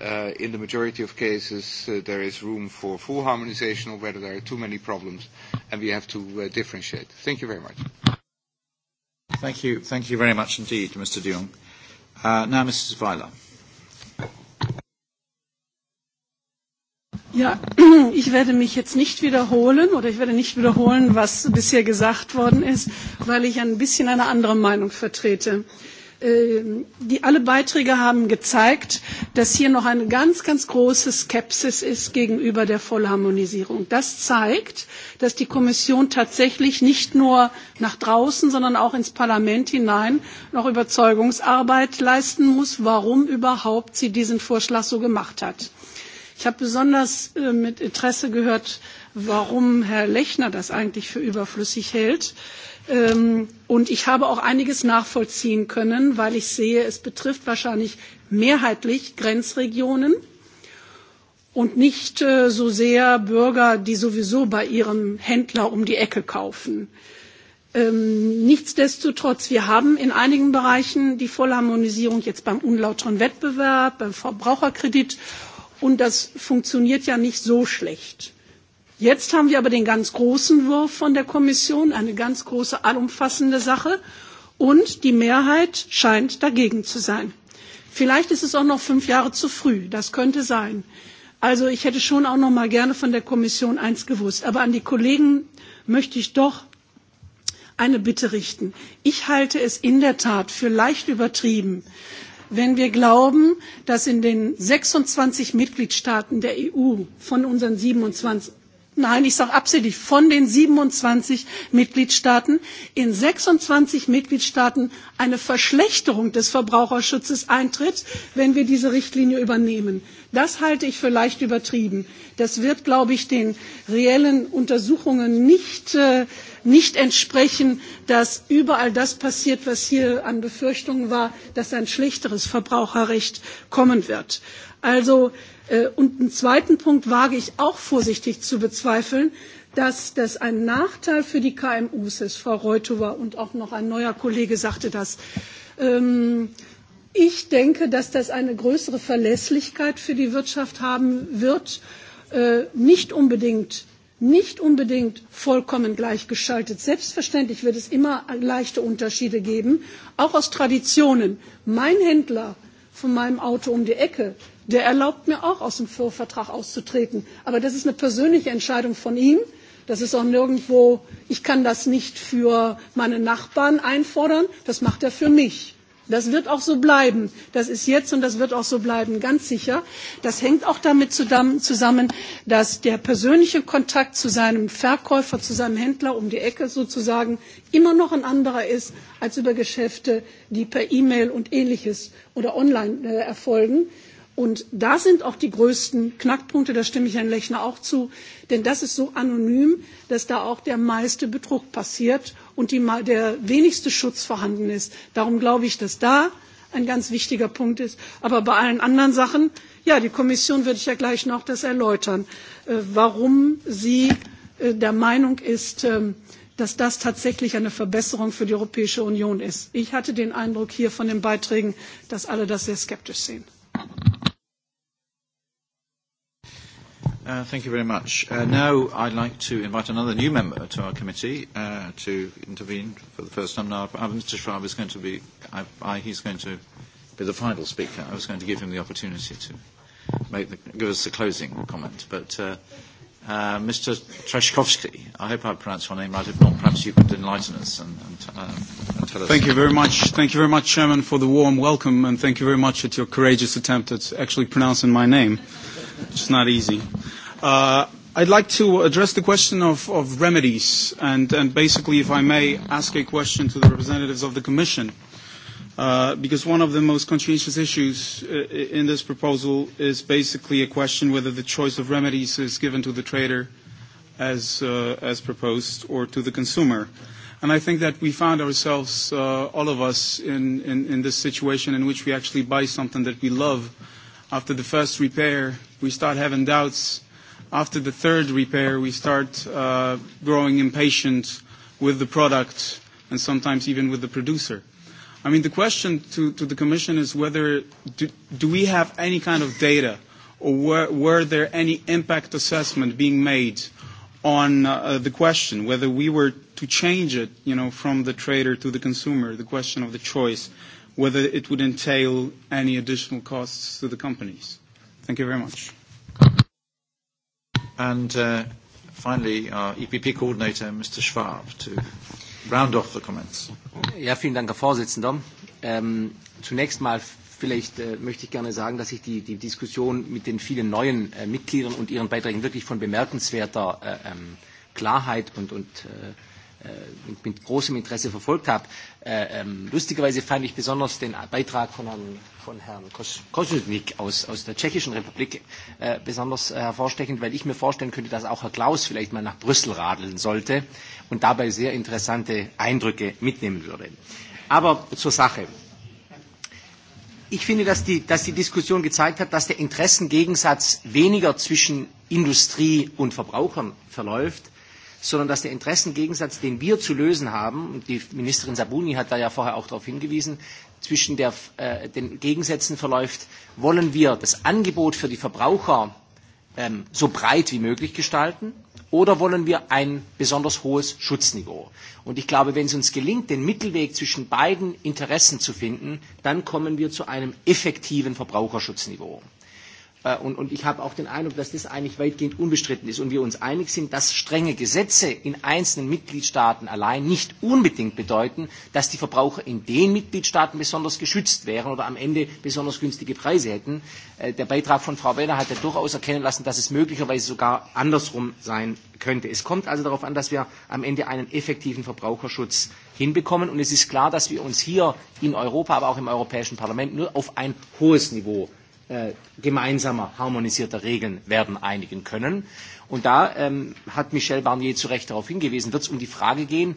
uh, in the majority of cases uh, there is room for full harmonization or whether there are too many problems and we have to uh, differentiate. Thank you very much. Thank you. Thank you very much indeed, Mr. De Jong. Uh, now, Mrs. Weiler. Ja, [CLEARS THROAT] ich werde mich jetzt nicht wiederholen oder ich werde nicht wiederholen, was bisher gesagt worden ist, weil ich ein bisschen eine andere Meinung vertrete. Ähm, die, alle Beiträge haben gezeigt, dass hier noch eine ganz, ganz große Skepsis ist gegenüber der Vollharmonisierung. Das zeigt, dass die Kommission tatsächlich nicht nur nach draußen, sondern auch ins Parlament hinein noch Überzeugungsarbeit leisten muss, warum überhaupt sie diesen Vorschlag so gemacht hat. Ich habe besonders äh, mit Interesse gehört, warum Herr Lechner das eigentlich für überflüssig hält. Ähm, und ich habe auch einiges nachvollziehen können, weil ich sehe, es betrifft wahrscheinlich mehrheitlich Grenzregionen und nicht äh, so sehr Bürger, die sowieso bei ihrem Händler um die Ecke kaufen. Ähm, nichtsdestotrotz, wir haben in einigen Bereichen die Vollharmonisierung jetzt beim unlauteren Wettbewerb, beim Verbraucherkredit Und das funktioniert ja nicht so schlecht. Jetzt haben wir aber den ganz großen Wurf von der Kommission, eine ganz große, allumfassende Sache. Und die Mehrheit scheint dagegen zu sein. Vielleicht ist es auch noch fünf Jahre zu früh. Das könnte sein. Also ich hätte schon auch noch mal gerne von der Kommission eins gewusst. Aber an die Kollegen möchte ich doch eine Bitte richten. Ich halte es in der Tat für leicht übertrieben, wenn wir glauben, dass in den 26 Mitgliedstaaten der EU von unseren 27 Nein, ich sage absichtlich von den 27 Mitgliedstaaten in 26 Mitgliedstaaten eine Verschlechterung des Verbraucherschutzes eintritt, wenn wir diese Richtlinie übernehmen. Das halte ich für leicht übertrieben. Das wird, glaube ich, den reellen Untersuchungen nicht, äh, nicht entsprechen, dass überall das passiert, was hier an Befürchtungen war, dass ein schlechteres Verbraucherrecht kommen wird. Also, äh, und einen zweiten Punkt wage ich auch vorsichtig zu bezweifeln, dass das ein Nachteil für die KMUs ist. Frau Reutower und auch noch ein neuer Kollege sagte das. Ähm, Ich denke, dass das eine größere Verlässlichkeit für die Wirtschaft haben wird, äh, nicht unbedingt nicht unbedingt vollkommen gleichgeschaltet. Selbstverständlich wird es immer leichte Unterschiede geben, auch aus Traditionen. Mein Händler von meinem Auto um die Ecke, der erlaubt mir auch aus dem Vorvertrag auszutreten. Aber das ist eine persönliche Entscheidung von ihm. Das ist auch nirgendwo, ich kann das nicht für meine Nachbarn einfordern, das macht er für mich. Das wird auch so bleiben. Das ist jetzt und das wird auch so bleiben, ganz sicher. Das hängt auch damit zusammen, dass der persönliche Kontakt zu seinem Verkäufer, zu seinem Händler um die Ecke sozusagen immer noch ein anderer ist als über Geschäfte, die per E-Mail und ähnliches oder online äh, erfolgen. Und da sind auch die größten Knackpunkte, da stimme ich Herrn Lechner auch zu, denn das ist so anonym, dass da auch der meiste Betrug passiert und die, der wenigste Schutz vorhanden ist. Darum glaube ich, dass da ein ganz wichtiger Punkt ist. Aber bei allen anderen Sachen, ja, die Kommission würde ich ja gleich noch das erläutern, äh, warum sie äh, der Meinung ist, ähm, dass das tatsächlich eine Verbesserung für die Europäische Union ist. Ich hatte den Eindruck hier von den Beiträgen, dass alle das sehr skeptisch sehen. Uh, thank you very much. Uh, now I'd like to invite another new member to our committee uh, to intervene for the first time. Now, uh, Mr. Schwab is going to be, I, I, he's going to be the final speaker. I was going to give him the opportunity to make the, give us the closing comment, but uh, uh, Mr. Trashkovsky, I hope I pronounced your name right. If not, perhaps you could enlighten us and, and, uh, and tell us. Thank you very much. Thank you very much, Chairman, for the warm welcome, and thank you very much at your courageous attempt at actually pronouncing my name. It's not easy. Uh, I'd like to address the question of, remedies and, basically, if I may, ask a question to the representatives of the Commission. Uh, because one of the most conscientious issues uh, in this proposal is basically a question whether the choice of remedies is given to the trader as, proposed or to the consumer. And I think that we found ourselves, all of us, in this situation in which we actually buy something that we love After the first repair, we start having doubts. After the third repair, we start uh, growing impatient with the product and sometimes even with the producer. I mean, the question to, to the Commission is whether do, do we have any kind of data or were, were there any impact assessment being made on uh, the question whether we were to change it, you know, from the trader to the consumer, the question of the choice whether it would entail any additional costs to the companies. Thank you very much. Uh, finally, our EPP coordinator, Mr. Schwab, to round off the comments. Ja, vielen Dank, Herr Vorsitzender. Ähm, zunächst mal Vielleicht äh, möchte ich gerne sagen, dass ich die, Diskussion mit den vielen neuen äh, Mitgliedern und ihren Beiträgen wirklich von bemerkenswerter äh, ähm, Klarheit und, mit großem Interesse verfolgt habe. Äh, ähm, lustigerweise fand ich besonders den Beitrag von Herrn, von Herrn aus, aus der Tschechischen Republik äh, besonders äh, hervorstechend, weil ich mir vorstellen könnte, dass auch Herr Klaus vielleicht mal nach Brüssel radeln sollte und dabei sehr interessante Eindrücke mitnehmen würde. Aber zur Sache. Ich finde, dass die, dass die Diskussion gezeigt hat, dass der Interessengegensatz weniger zwischen Industrie und Verbrauchern verläuft, sondern dass der Interessengegensatz, den wir zu lösen haben, und die Ministerin Sabuni hat da ja vorher auch darauf hingewiesen, zwischen der, äh, den Gegensätzen verläuft, wollen wir das Angebot für die Verbraucher ähm, so breit wie möglich gestalten oder wollen wir ein besonders hohes Schutzniveau? Und ich glaube, wenn es uns gelingt, den Mittelweg zwischen beiden Interessen zu finden, dann kommen wir zu einem effektiven Verbraucherschutzniveau. Äh, und, und ich habe auch den Eindruck, dass das eigentlich weitgehend unbestritten ist und wir uns einig sind, dass strenge Gesetze in einzelnen Mitgliedstaaten allein nicht unbedingt bedeuten, dass die Verbraucher in den Mitgliedstaaten besonders geschützt wären oder am Ende besonders günstige Preise hätten. Äh, der Beitrag von Frau Werner hat ja durchaus erkennen lassen, dass es möglicherweise sogar andersrum sein könnte. Es kommt also darauf an, dass wir am Ende einen effektiven Verbraucherschutz hinbekommen. Und es ist klar, dass wir uns hier in Europa, aber auch im Europäischen Parlament nur auf ein hohes Niveau Äh, gemeinsamer, harmonisierter Regeln werden einigen können. Und da ähm, hat Michel Barnier zu Recht darauf hingewiesen, wird es um die Frage gehen,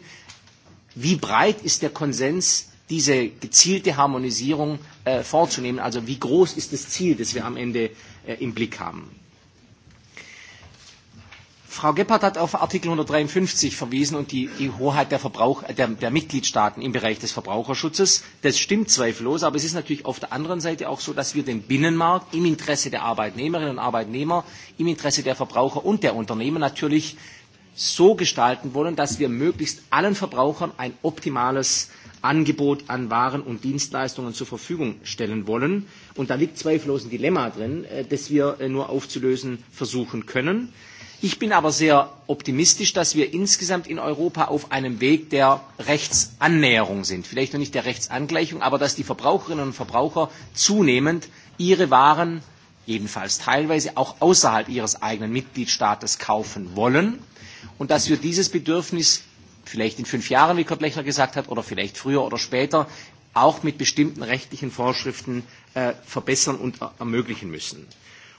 wie breit ist der Konsens, diese gezielte Harmonisierung äh, vorzunehmen? Also wie groß ist das Ziel, das wir am Ende äh, im Blick haben? Frau Gebhardt hat auf Artikel 153 verwiesen und die, die Hoheit der, Verbrauch, der, der Mitgliedstaaten im Bereich des Verbraucherschutzes. Das stimmt zweifellos, aber es ist natürlich auf der anderen Seite auch so, dass wir den Binnenmarkt im Interesse der Arbeitnehmerinnen und Arbeitnehmer, im Interesse der Verbraucher und der Unternehmen natürlich so gestalten wollen, dass wir möglichst allen Verbrauchern ein optimales Angebot an Waren und Dienstleistungen zur Verfügung stellen wollen. Und da liegt zweifellos ein Dilemma drin, äh, das wir äh, nur aufzulösen versuchen können. Ich bin aber sehr optimistisch, dass wir insgesamt in Europa auf einem Weg der Rechtsannäherung sind. Vielleicht noch nicht der Rechtsangleichung, aber dass die Verbraucherinnen und Verbraucher zunehmend ihre Waren jedenfalls teilweise auch außerhalb ihres eigenen Mitgliedstaates kaufen wollen und dass wir dieses Bedürfnis vielleicht in fünf Jahren, wie Kurt Lechner gesagt hat, oder vielleicht früher oder später auch mit bestimmten rechtlichen Vorschriften äh, verbessern und äh, ermöglichen müssen.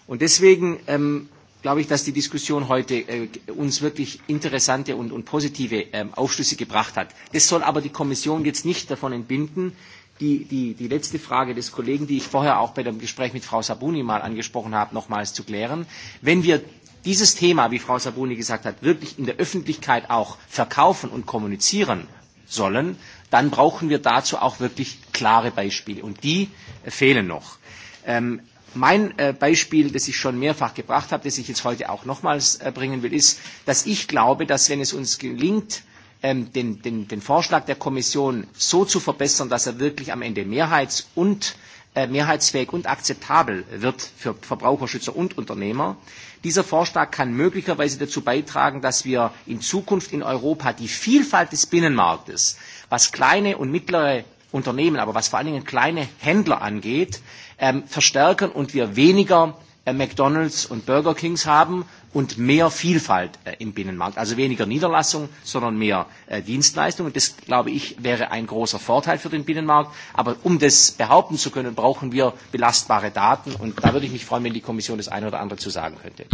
Und deswegen ähm, glaube ich, dass die Diskussion heute äh, uns wirklich interessante und, und positive ähm, Aufschlüsse gebracht hat. Das soll aber die Kommission jetzt nicht davon entbinden, die, die, die letzte Frage des Kollegen, die ich vorher auch bei dem Gespräch mit Frau Sabuni mal angesprochen habe, nochmals zu klären. Wenn wir dieses Thema, wie Frau Sabuni gesagt hat, wirklich in der Öffentlichkeit auch verkaufen und kommunizieren sollen, dann brauchen wir dazu auch wirklich klare Beispiele. Und die fehlen noch. Ähm, Mein äh, Beispiel, das ich schon mehrfach gebracht habe, das ich jetzt heute auch nochmals äh, bringen will, ist, dass ich glaube, dass wenn es uns gelingt, ähm, den, den, den Vorschlag der Kommission so zu verbessern, dass er wirklich am Ende mehrheits- und äh, mehrheitsfähig und akzeptabel wird für Verbraucherschützer und Unternehmer. Dieser Vorschlag kann möglicherweise dazu beitragen, dass wir in Zukunft in Europa die Vielfalt des Binnenmarktes, was kleine und mittlere Unternehmen, aber was vor allen Dingen kleine Händler angeht, ähm, verstärken und wir weniger äh, McDonalds und Burger Kings haben und mehr Vielfalt äh, im Binnenmarkt. Also weniger Niederlassung, sondern mehr äh, Dienstleistung. Und das, glaube ich, wäre ein großer Vorteil für den Binnenmarkt. Aber um das behaupten zu können, brauchen wir belastbare Daten. Und da würde ich mich freuen, wenn die Kommission das eine oder andere zu sagen könnte.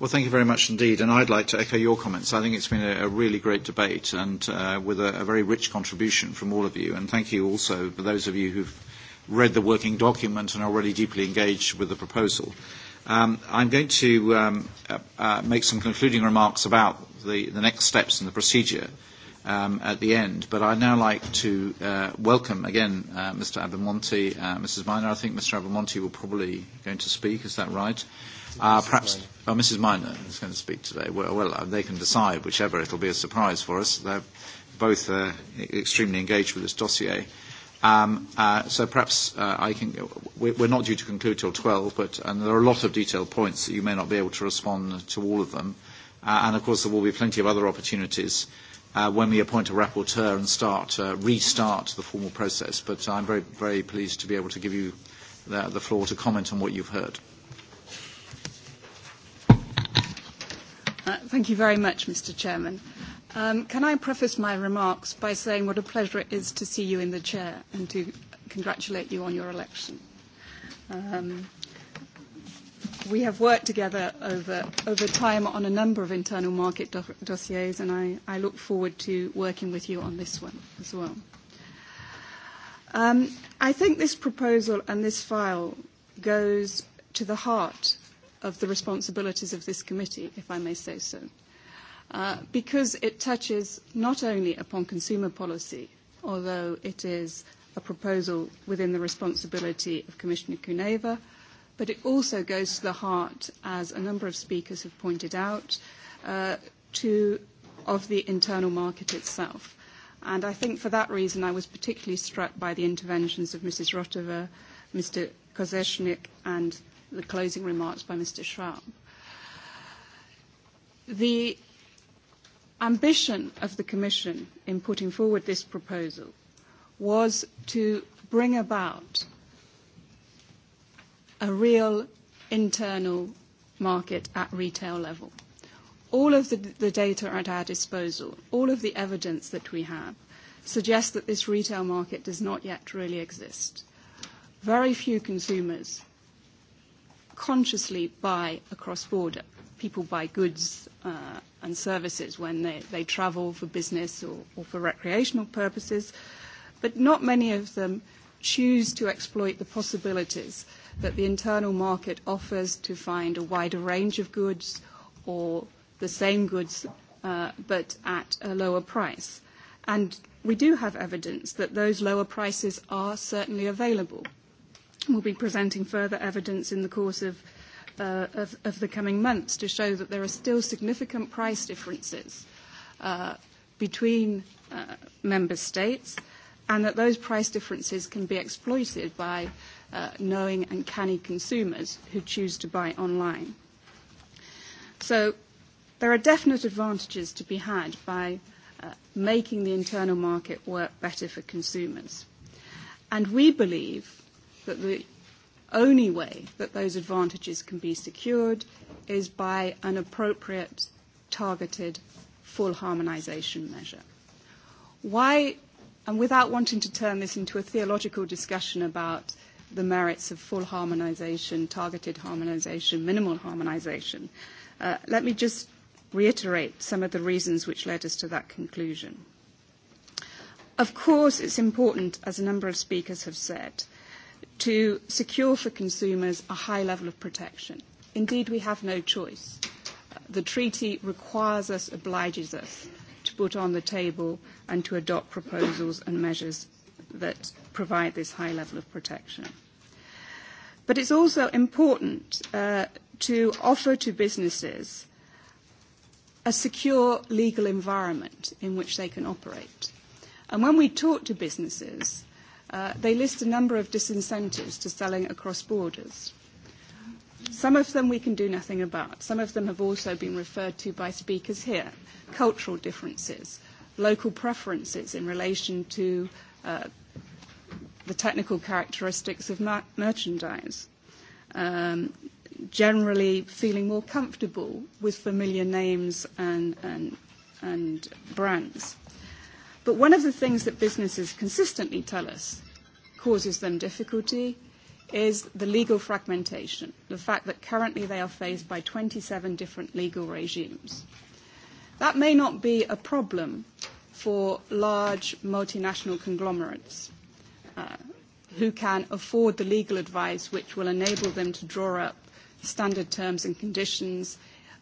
Well, thank you very much indeed. And I'd like to echo your comments. I think it's been a, a really great debate and uh, with a, a very rich contribution from all of you. And thank you also for those of you who've read the working document and are already deeply engaged with the proposal. Um, I'm going to um, uh, uh, make some concluding remarks about the, the next steps in the procedure um, at the end, but I'd now like to uh, welcome again uh, Mr. Abamonte, uh, Mrs. Miner. I think Mr. Abamonte will probably going to speak, is that right? Uh, Uh, perhaps oh, Mrs. Miner is going to speak today. Well, well uh, they can decide whichever. It'll be a surprise for us. They're both uh, e-, extremely engaged with this dossier. Um, uh, so perhaps uh, I can. We're not due to conclude till 12, but and there are a lot of detailed points that you may not be able to respond to all of them. Uh, and of course, there will be plenty of other opportunities uh, when we appoint a rapporteur and start uh, restart the formal process. But I'm very very pleased to be able to give you the, the floor to comment on what you've heard. Uh, thank you very much, Mr. Chairman. Um, can I preface my remarks by saying what a pleasure it is to see you in the chair and to congratulate you on your election. Um, we have worked together over, over time on a number of internal market do- dossiers, and I, I look forward to working with you on this one as well. Um, I think this proposal and this file goes to the heart of the responsibilities of this committee, if I may say so, uh, because it touches not only upon consumer policy, although it is a proposal within the responsibility of Commissioner Kuneva, but it also goes to the heart, as a number of speakers have pointed out, uh, to, of the internal market itself. And I think for that reason, I was particularly struck by the interventions of Mrs. Rotova, Mr. Kozeshnik, and the closing remarks by Mr. Schwab. The ambition of the Commission in putting forward this proposal was to bring about a real internal market at retail level. All of the, the data at our disposal, all of the evidence that we have, suggests that this retail market does not yet really exist. Very few consumers consciously buy across border. People buy goods uh, and services when they, they travel for business or, or for recreational purposes, but not many of them choose to exploit the possibilities that the internal market offers to find a wider range of goods or the same goods uh, but at a lower price. And we do have evidence that those lower prices are certainly available. We'll be presenting further evidence in the course uh, of, the coming months to show that there are still significant price differences uh, between uh, member states and that those price differences can be exploited by knowing and canny consumers who choose to buy online. there are definite advantages to be had by making the internal market work better for consumers. we believe that the only way that those advantages can be secured is by an appropriate, targeted, full harmonisation measure. Why, and without wanting to turn this into a theological discussion about the merits of full harmonisation, targeted harmonisation, minimal harmonisation, uh, let me just reiterate some of the reasons which led us to that conclusion. Of course, it's important, as a number of speakers have said, to secure for consumers a high level of protection. Indeed, we have no choice. The treaty requires us, obliges us to put on the table and to adopt proposals and measures that provide this high level of protection. But it's also important uh, to offer to businesses a secure legal environment in which they can operate. And when we talk to businesses, Uh, they list a number of disincentives to selling across borders. Some of them we can do nothing about. Some of them have also been referred to by speakers here. Cultural differences, local preferences in relation to uh, the technical characteristics of mer- merchandise. Um, generally feeling more comfortable with familiar names and, and, and brands. But one of the things that businesses consistently tell us causes them difficulty is the legal fragmentation, the fact that currently they are faced by 27 different legal regimes. That may not be a problem for large multinational conglomerates uh, who can afford the legal advice which will enable them to draw up standard terms and conditions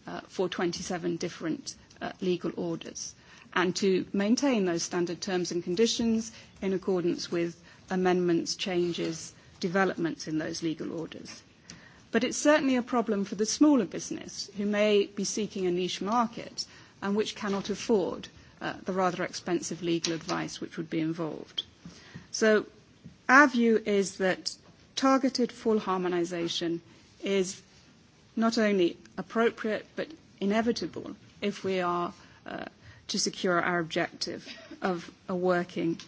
uh, for 27 different uh, legal orders and to maintain those standard terms and conditions in accordance with amendments, changes, developments in those legal orders. But it's certainly a problem for the smaller business who may be seeking a niche market and which cannot afford uh, the rather expensive legal advice which would be involved. So our view is that targeted full harmonisation is not only appropriate but inevitable if we are uh, to secure our objective of a working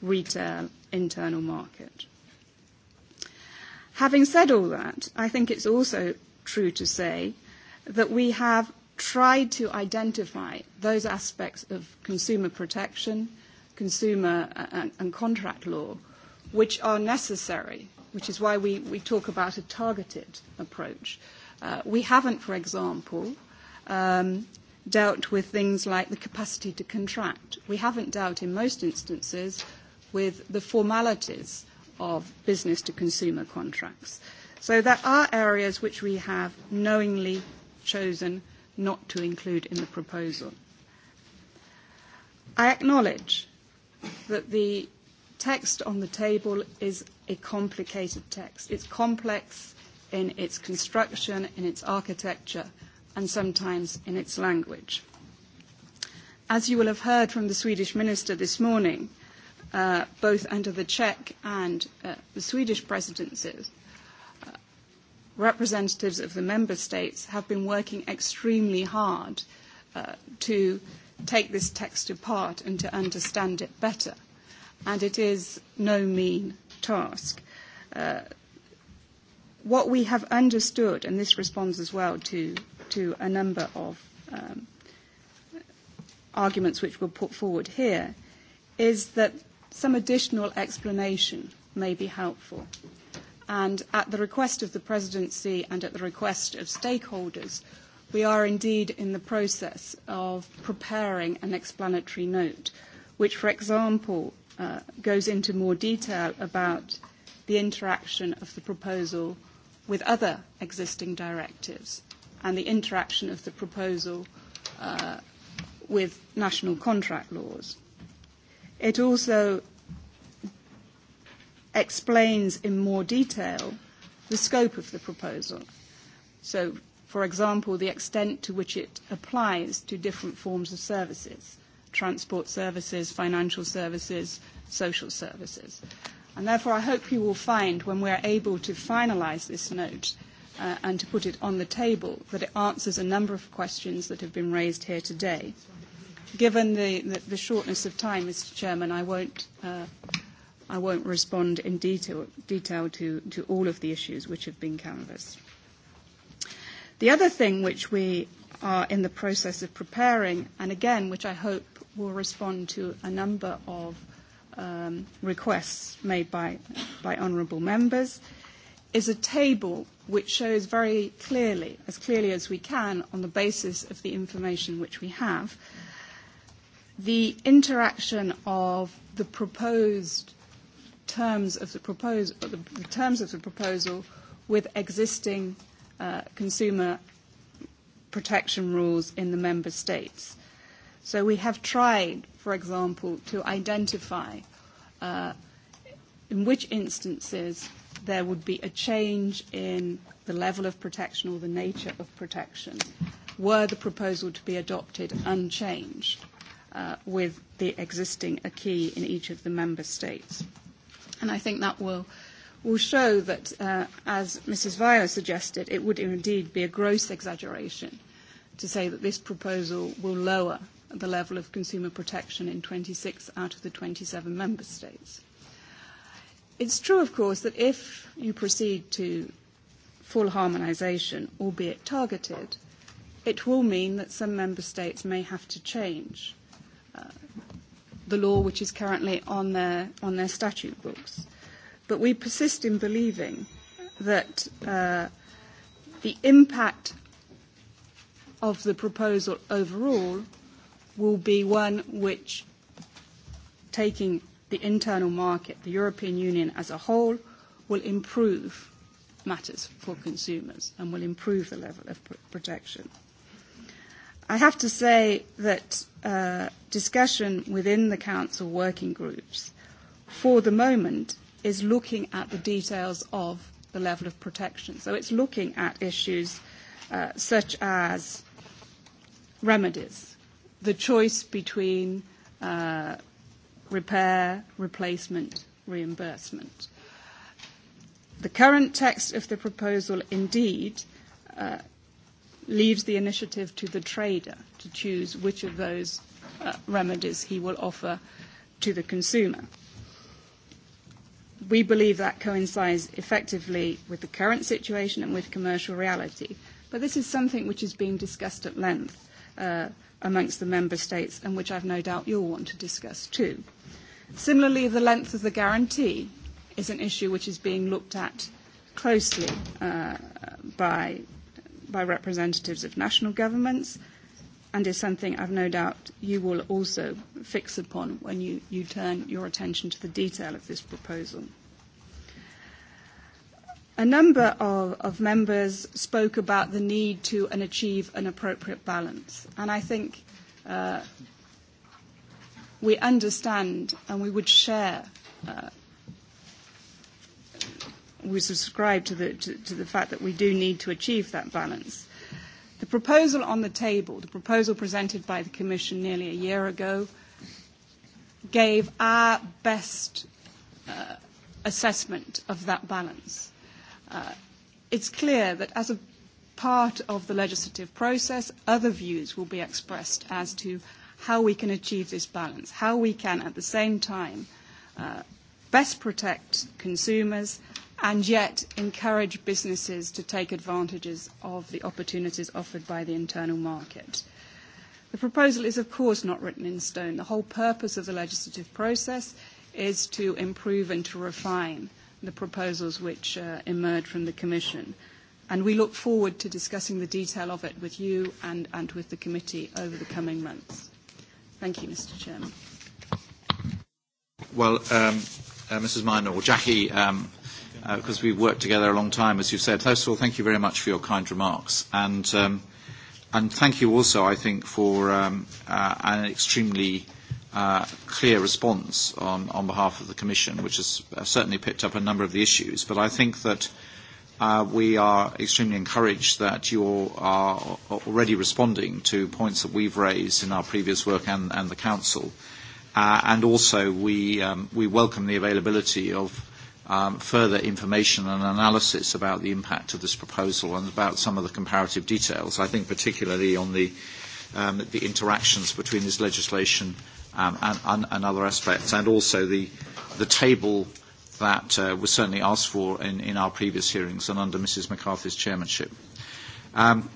retail internal market. Having said all that, I think it's also true to say that we have tried to identify those aspects of consumer protection, consumer uh, uh, and, contract law, which are necessary, which is why we, talk about a targeted approach. Uh, we haven't, for example, um, dealt with things like the capacity to contract. We haven't dealt in most instances with the formalities of business to consumer contracts. So there are areas which we have knowingly chosen not to include in the proposal. I acknowledge that the text on the table is a complicated text. It's complex in its construction, in its architecture, and sometimes in its language. As you will have heard from the Swedish minister this morning, uh, both under the Czech and uh, the Swedish presidencies, uh, representatives of the member states have been working extremely hard uh, to take this text apart and to understand it better. And it is no mean task. Uh, what we have understood, and this responds as well to to a number of um, arguments which were put forward here is that some additional explanation may be helpful. And at the request of the presidency and at the request of stakeholders, we are indeed in the process of preparing an explanatory note, which, for example, uh, goes into more detail about the interaction of the proposal with other existing directives and the interaction of the proposal uh, with national contract laws. It also explains in more detail the scope of the proposal. So, for example, the extent to which it applies to different forms of services, transport services, financial services, social services. And therefore, I hope you will find when we are able to finalise this note uh, and to put it on the table that it answers a number of questions that have been raised here today. Given the, the, the shortness of time, Mr. Chairman, I won't, uh, I won't respond in detail, detail to, to all of the issues which have been canvassed. The other thing which we are in the process of preparing, and again, which I hope will respond to a number of um, requests made by, by honourable members, is a table which shows very clearly, as clearly as we can, on the basis of the information which we have, the interaction of the proposed terms of the, proposal, the, the terms of the proposal with existing uh, consumer protection rules in the member states. So we have tried, for example, to identify uh, in which instances there would be a change in the level of protection or the nature of protection were the proposal to be adopted unchanged uh, with the existing acquis in each of the member states. And I think that will, will show that, uh, as Mrs. Vio suggested, it would indeed be a gross exaggeration to say that this proposal will lower the level of consumer protection in 26 out of the 27 member states. It's true, of course, that if you proceed to full harmonisation, albeit targeted, it will mean that some member states may have to change uh, the law which is currently on their, on their statute books. But we persist in believing that uh, the impact of the proposal overall will be one which, taking the internal market, the European Union as a whole, will improve matters for consumers and will improve the level of protection. I have to say that uh, discussion within the Council working groups, for the moment, is looking at the details of the level of protection. So it's looking at issues uh, such as remedies, the choice between uh, repair, replacement, reimbursement. The current text of the proposal indeed uh, leaves the initiative to the trader to choose which of those uh, remedies he will offer to the consumer. We believe that coincides effectively with the current situation and with commercial reality, but this is something which is being discussed at length uh, amongst the member states, and which I've no doubt you'll want to discuss too. Similarly, the length of the guarantee is an issue which is being looked at closely uh, by, by representatives of national governments and is something I've no doubt you will also fix upon when you, you turn your attention to the detail of this proposal. A number of, of members spoke about the need to and achieve an appropriate balance. And I think uh, we understand and we would share, uh, we subscribe to the, to, to the fact that we do need to achieve that balance. The proposal on the table, the proposal presented by the Commission nearly a year ago, gave our best uh, assessment of that balance. Uh, it's clear that as a part of the legislative process, other views will be expressed as to how we can achieve this balance, how we can at the same time uh, best protect consumers and yet encourage businesses to take advantages of the opportunities offered by the internal market. The proposal is, of course, not written in stone. The whole purpose of the legislative process is to improve and to refine the proposals which uh, emerge from the Commission. And we look forward to discussing the detail of it with you and, and with the committee over the coming months. Thank you, Mr. Chairman. Well, um, uh, Mrs. Minor, or Jackie, um, uh, because we've worked together a long time, as you've said. First of all, thank you very much for your kind remarks. And, um, and thank you also, I think, for um, uh, an extremely clear response on, on behalf of the Commission, which has uh, certainly picked up a number of the issues. But I think that uh, we are extremely encouraged that you are already responding to points that we've raised in our previous work and, and the Council. Uh, and also, we, um, we welcome the availability of um, further information and analysis about the impact of this proposal and about some of the comparative details. I think particularly on the um, the interactions between this legislation um, and, and, and other aspects, and also the, the table that uh, was certainly asked for in, in our previous hearings and under Mrs. McCarthy's chairmanship. Um,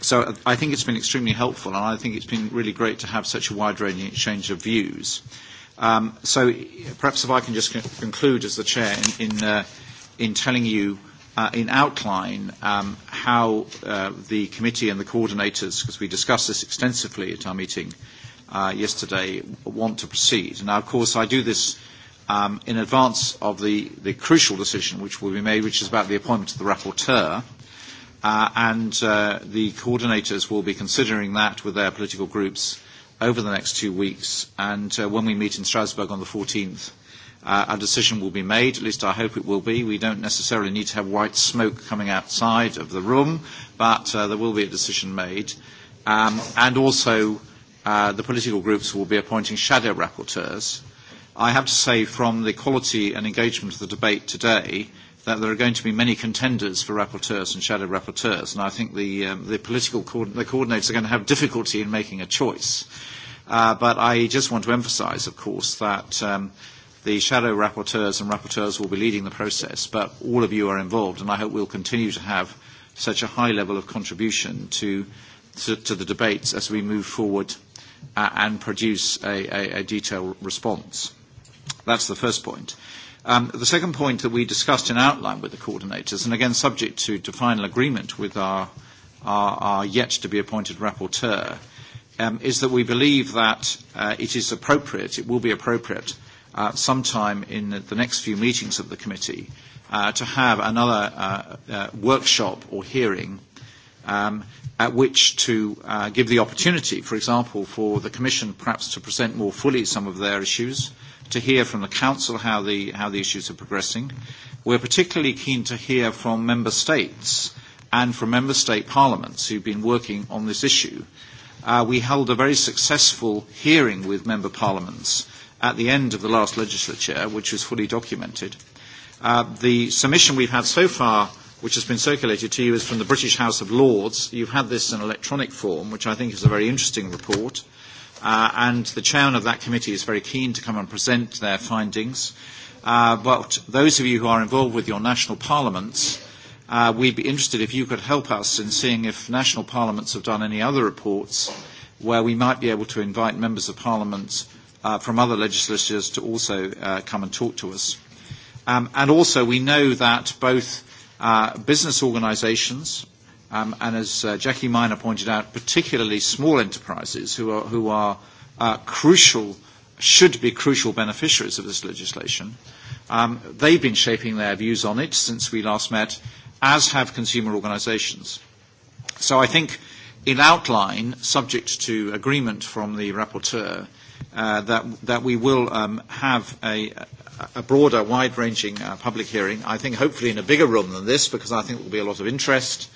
so uh, I think it's been extremely helpful, and I think it's been really great to have such a wide-ranging exchange of views. Um, so perhaps if I can just conclude as the chair in, in, uh, in telling you uh, in outline um, how uh, the committee and the coordinators, because we discussed this extensively at our meeting uh, yesterday, want to proceed. Now, of course, I do this um, in advance of the, the crucial decision which will be made, which is about the appointment of the rapporteur. Uh, and uh, the coordinators will be considering that with their political groups over the next two weeks. And uh, when we meet in Strasbourg on the 14th, uh, a decision will be made. At least I hope it will be. We don't necessarily need to have white smoke coming outside of the room, but uh, there will be a decision made. Um, and also, uh, the political groups will be appointing shadow rapporteurs. I have to say, from the quality and engagement of the debate today, that there are going to be many contenders for rapporteurs and shadow rapporteurs, and I think the, um, the political co- the coordinators are going to have difficulty in making a choice. Uh, but I just want to emphasise, of course, that um, uh, The shadow rapporteurs and rapporteurs will be leading the process, but all of you are involved, and I hope we'll continue to have such a high level of contribution to, to, to the debates as we move forward uh, and produce a, a, a detailed response. That's the first point. Um, the second point that we discussed in outline with the coordinators, and again subject to, to final agreement with our, our, our yet to be appointed rapporteur, um, is that we believe that uh, it is appropriate, it will be appropriate Uh, sometime in the next few meetings of the committee uh, to have another uh, uh, workshop or hearing um, at which to uh, give the opportunity, for example, for the Commission perhaps to present more fully some of their issues, to hear from the Council how the, how the issues are progressing. We're particularly keen to hear from Member States and from Member State Parliaments who've been working on this issue. Uh, we held a very successful hearing with Member Parliaments at the end of the last legislature, which was fully documented. Uh, the submission we've had so far, which has been circulated to you, is from the British House of Lords. You've had this in electronic form, which I think is a very interesting report. Uh, and the chairman of that committee is very keen to come and present their findings. Uh, but those of you who are involved with your national parliaments, uh, we'd be interested if you could help us in seeing if national parliaments have done any other reports where we might be able to invite members of parliaments uh, from other legislatures to also uh, come and talk to us. Um, and also, we know that both uh, business organisations um, and, as uh, Jackie Miner pointed out, particularly small enterprises who are, who are uh, crucial, should be crucial beneficiaries of this legislation. Um, they've been shaping their views on it since we last met, as have consumer organisations. So I think, in outline, subject to agreement from the rapporteur, Uh, that, that we will um, have a, a broader, wide-ranging uh, public hearing, I think hopefully in a bigger room than this, because I think there will be a lot of interest,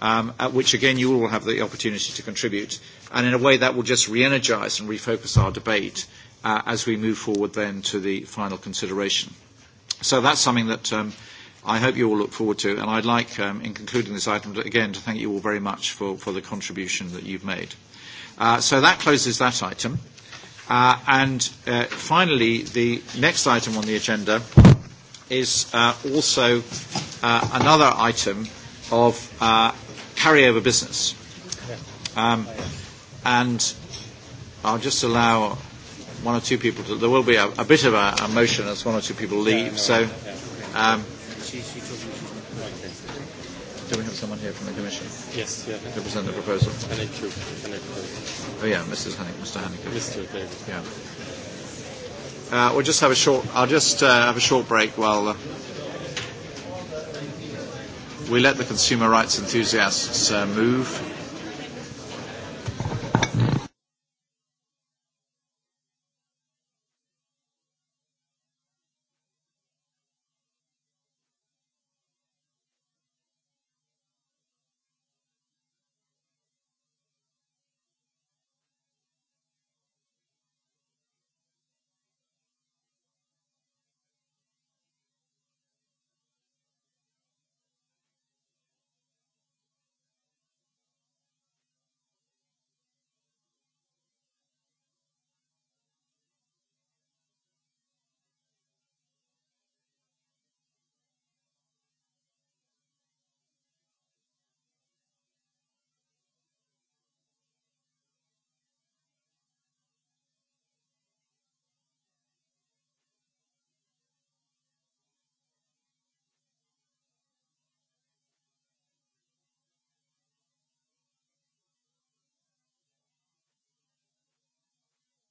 um, at which again you will have the opportunity to contribute. And in a way that will just re-energise and refocus our debate uh, as we move forward then to the final consideration. So that's something that um, I hope you all look forward to. And I'd like, um, in concluding this item, to, again to thank you all very much for, for the contribution that you've made. Uh, so that closes that item. Uh, and uh, finally, the next item on the agenda is uh, also uh, another item of uh, carryover business. Um, and I'll just allow one or two people to. There will be a, a bit of a, a motion as one or two people leave. So. Um, do we have someone here from the Commission? Yes, yeah. To present the proposal. Haneke. Haneke. Oh, yeah, Mrs. Hanek, Mr. Hanek. Mr. David. Yeah. Uh, we'll just have a short. I'll just uh, have a short break while uh, we let the consumer rights enthusiasts uh, move.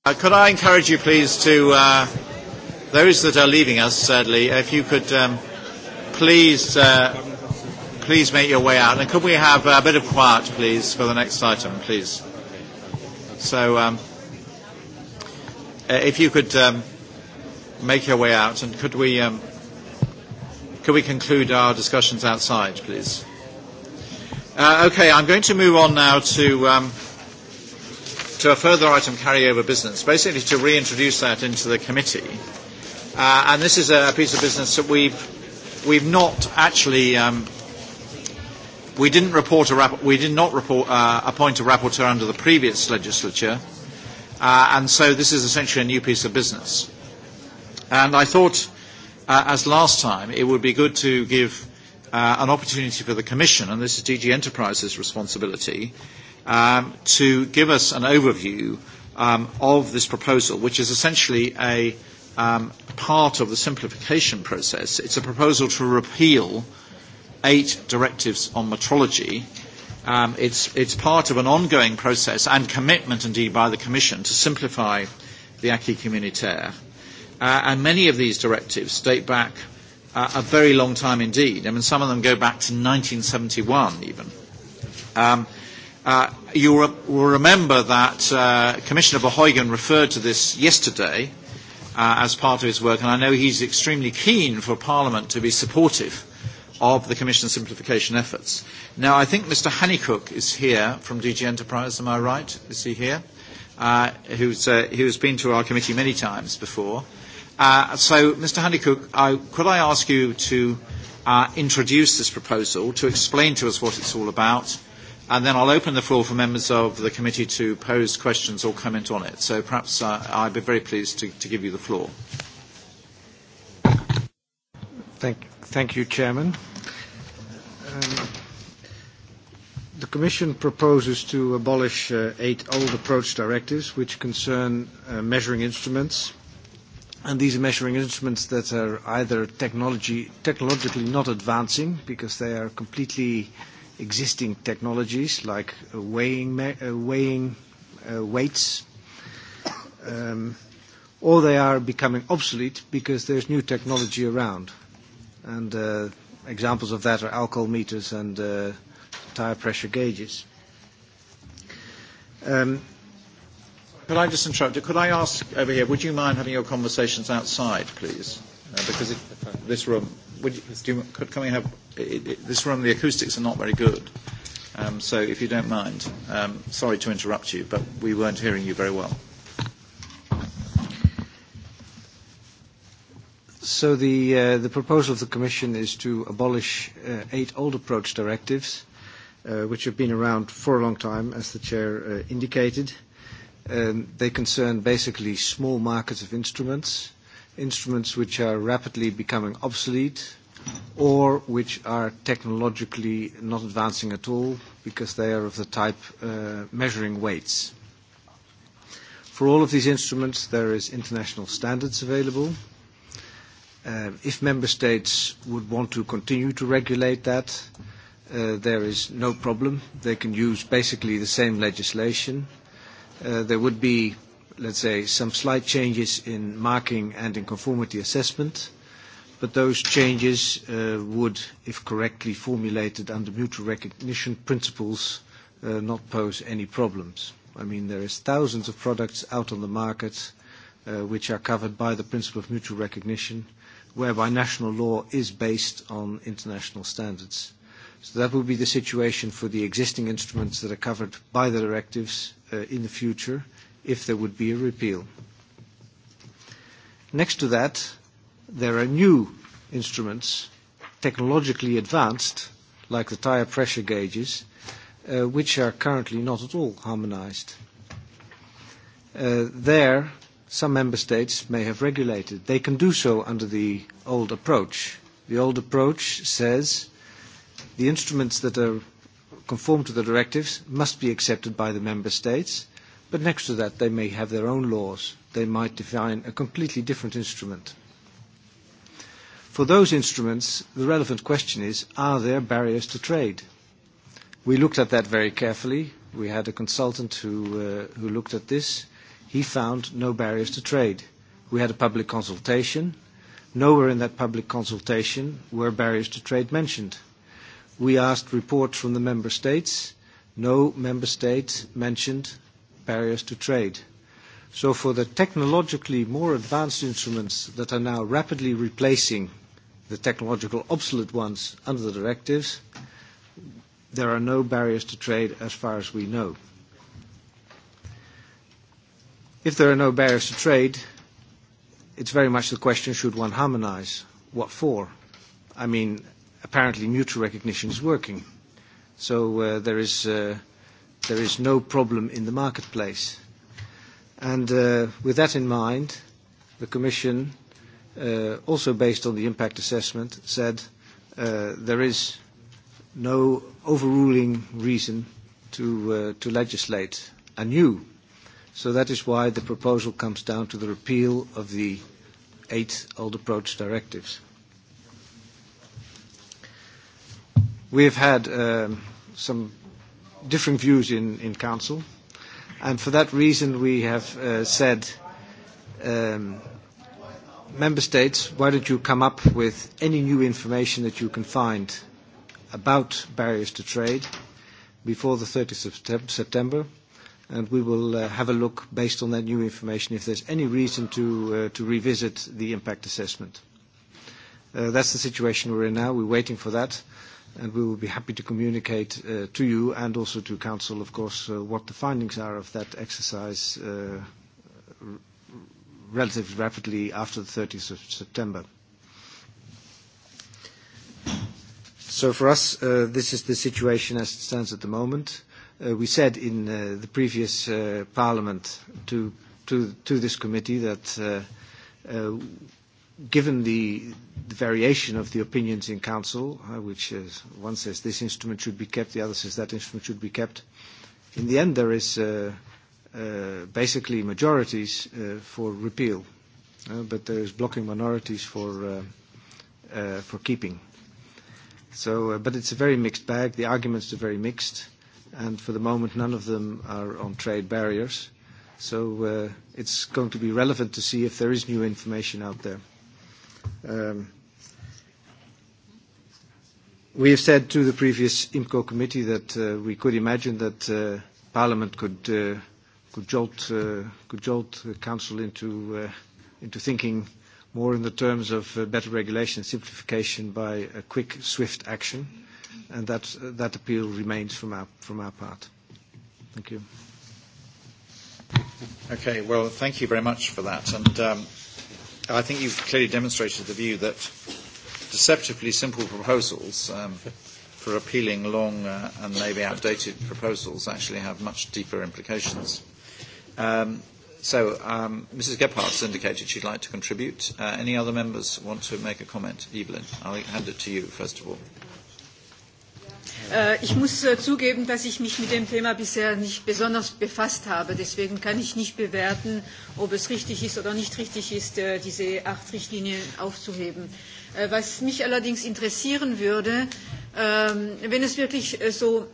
Uh, could I encourage you, please, to uh, those that are leaving us, sadly, if you could um, please, uh, please make your way out. And could we have a bit of quiet, please, for the next item, please? So, um, uh, if you could um, make your way out, and could we, um, could we conclude our discussions outside, please? Uh, okay, I'm going to move on now to. Um, to a further item, carryover business, basically to reintroduce that into the committee. Uh, and this is a piece of business that we've, we've not actually, um, we didn't report a rap- we did not report, uh, appoint a rapporteur under the previous legislature, uh, and so this is essentially a new piece of business. And I thought, uh, as last time, it would be good to give uh, an opportunity for the Commission, and this is DG Enterprise's responsibility, um, to give us an overview um, of this proposal, which is essentially a um, part of the simplification process. It's a proposal to repeal eight directives on metrology. Um, it's, it's part of an ongoing process and commitment, indeed, by the Commission to simplify the acquis communautaire. Uh, and many of these directives date back uh, a very long time indeed. I mean, some of them go back to 1971 even. Um, Uh, you re- will remember that uh, Commissioner Verheugen referred to this yesterday uh, as part of his work, and I know he's extremely keen for Parliament to be supportive of the Commission's simplification efforts. Now, I think Mr. Honeycook is here from DG Enterprise, am I right? Is he here? Uh, who's, uh, who's been to our committee many times before. Uh, so, Mr. Honeycook, I, could I ask you to uh, introduce this proposal, to explain to us what it's all about, And then I'll open the floor for members of the committee to pose questions or comment on it. So perhaps uh, I'd be very pleased to, to give you the floor. Thank, thank you, Chairman. Um, the Commission proposes to abolish uh, eight old approach directives which concern uh, measuring instruments. And these are measuring instruments that are either technology, technologically not advancing because they are completely uh, existing technologies like uh, weighing, uh, weighing uh, weights, um, or they are becoming obsolete because there's new technology around. And uh, examples of that are alcohol meters and uh, tire pressure gauges. Um, could I just interrupt you? Could I ask over here, would you mind having your conversations outside, please? Uh, because if uh, this room, would you, do you, could, can we have it, it, this room? The acoustics are not very good, um, so if you don't mind, um, sorry to interrupt you, but we weren't hearing you very well. So the uh, the proposal of the Commission is to abolish uh, eight old approach directives, uh, which have been around for a long time, as the chair uh, indicated. Um, they concern basically small markets of instruments instruments which are rapidly becoming obsolete or which are technologically not advancing at all because they are of the type uh, measuring weights. For all of these instruments, there is international standards available. Uh, if member states would want to continue to regulate that, uh, there is no problem. They can use basically the same legislation. Uh, there would be let's say, some slight changes in marking and in conformity assessment, but those changes uh, would, if correctly formulated under mutual recognition principles, uh, not pose any problems. I mean, there is thousands of products out on the market uh, which are covered by the principle of mutual recognition, whereby national law is based on international standards. So that will be the situation for the existing instruments that are covered by the directives in the future if there would be a repeal. Next to that, there are new instruments, technologically advanced, like the tire pressure gauges, uh, which are currently not at all harmonized. Uh, there, some member states may have regulated. They can do so under the old approach. The old approach says the instruments that are conform to the directives must be accepted by the member states, But next to that, they may have their own laws. They might define a completely different instrument. For those instruments, the relevant question is, are there barriers to trade? We looked at that very carefully. We had a consultant who, uh, who looked at this. He found no barriers to trade. We had a public consultation. Nowhere in that public consultation were barriers to trade mentioned. We asked reports from the member states. No member state mentioned barriers to trade. So for the technologically more advanced instruments that are now rapidly replacing the technological obsolete ones under the directives, there are no barriers to trade as far as we know. If there are no barriers to trade, it's very much the question, should one harmonize? What for? I mean, apparently mutual recognition is working. So uh, there is uh, there is no problem in the marketplace. And uh, with that in mind, the Commission, uh, also based on the impact assessment, said uh, there is no overruling reason to, uh, to legislate anew. So that is why the proposal comes down to the repeal of the eight old approach directives. We have had um, some different views in, in Council. And for that reason, we have uh, said, um, Member States, why don't you come up with any new information that you can find about barriers to trade before the 30th of September? And we will uh, have a look based on that new information if there's any reason to, uh, to revisit the impact assessment. Uh, that's the situation we're in now. We're waiting for that and we will be happy to communicate uh, to you and also to council, of course, uh, what the findings are of that exercise uh, relatively rapidly after the 30th of September. So for us, uh, this is the situation as it stands at the moment. Uh, we said in uh, the previous parliament to, to, to this committee that given the, the variation of the opinions in council, uh, which is, one says this instrument should be kept, the other says that instrument should be kept, in the end there is uh, uh, basically majorities uh, for repeal, uh, but there is blocking minorities for, uh, uh, for keeping. So, uh, but it's a very mixed bag. The arguments are very mixed, and for the moment, none of them are on trade barriers. So uh, it's going to be relevant to see if there is new information out there. Um, we have said to the previous IMCO committee that uh, we could imagine that uh, Parliament could, uh, could jolt, could jolt the Council into, into thinking more in the terms of better regulation simplification by a quick, swift action. And that, that appeal remains from our, from our part. Thank you. Okay, well, thank you very much for that. And um, i think you've clearly demonstrated the view that deceptively simple proposals um, for appealing long uh, and maybe outdated proposals actually have much deeper implications. Um, so um, Mrs. Gephardt has indicated she'd like to contribute. Uh, any other members want to make a comment? Evelyn, I'll hand it to you first of all. Äh, ich muss äh, zugeben, dass ich mich mit dem Thema bisher nicht besonders befasst habe. Deswegen kann ich nicht bewerten, ob es richtig ist oder nicht richtig ist, äh, diese acht Richtlinien aufzuheben. Was mich allerdings interessieren würde, ähm, wenn es wirklich so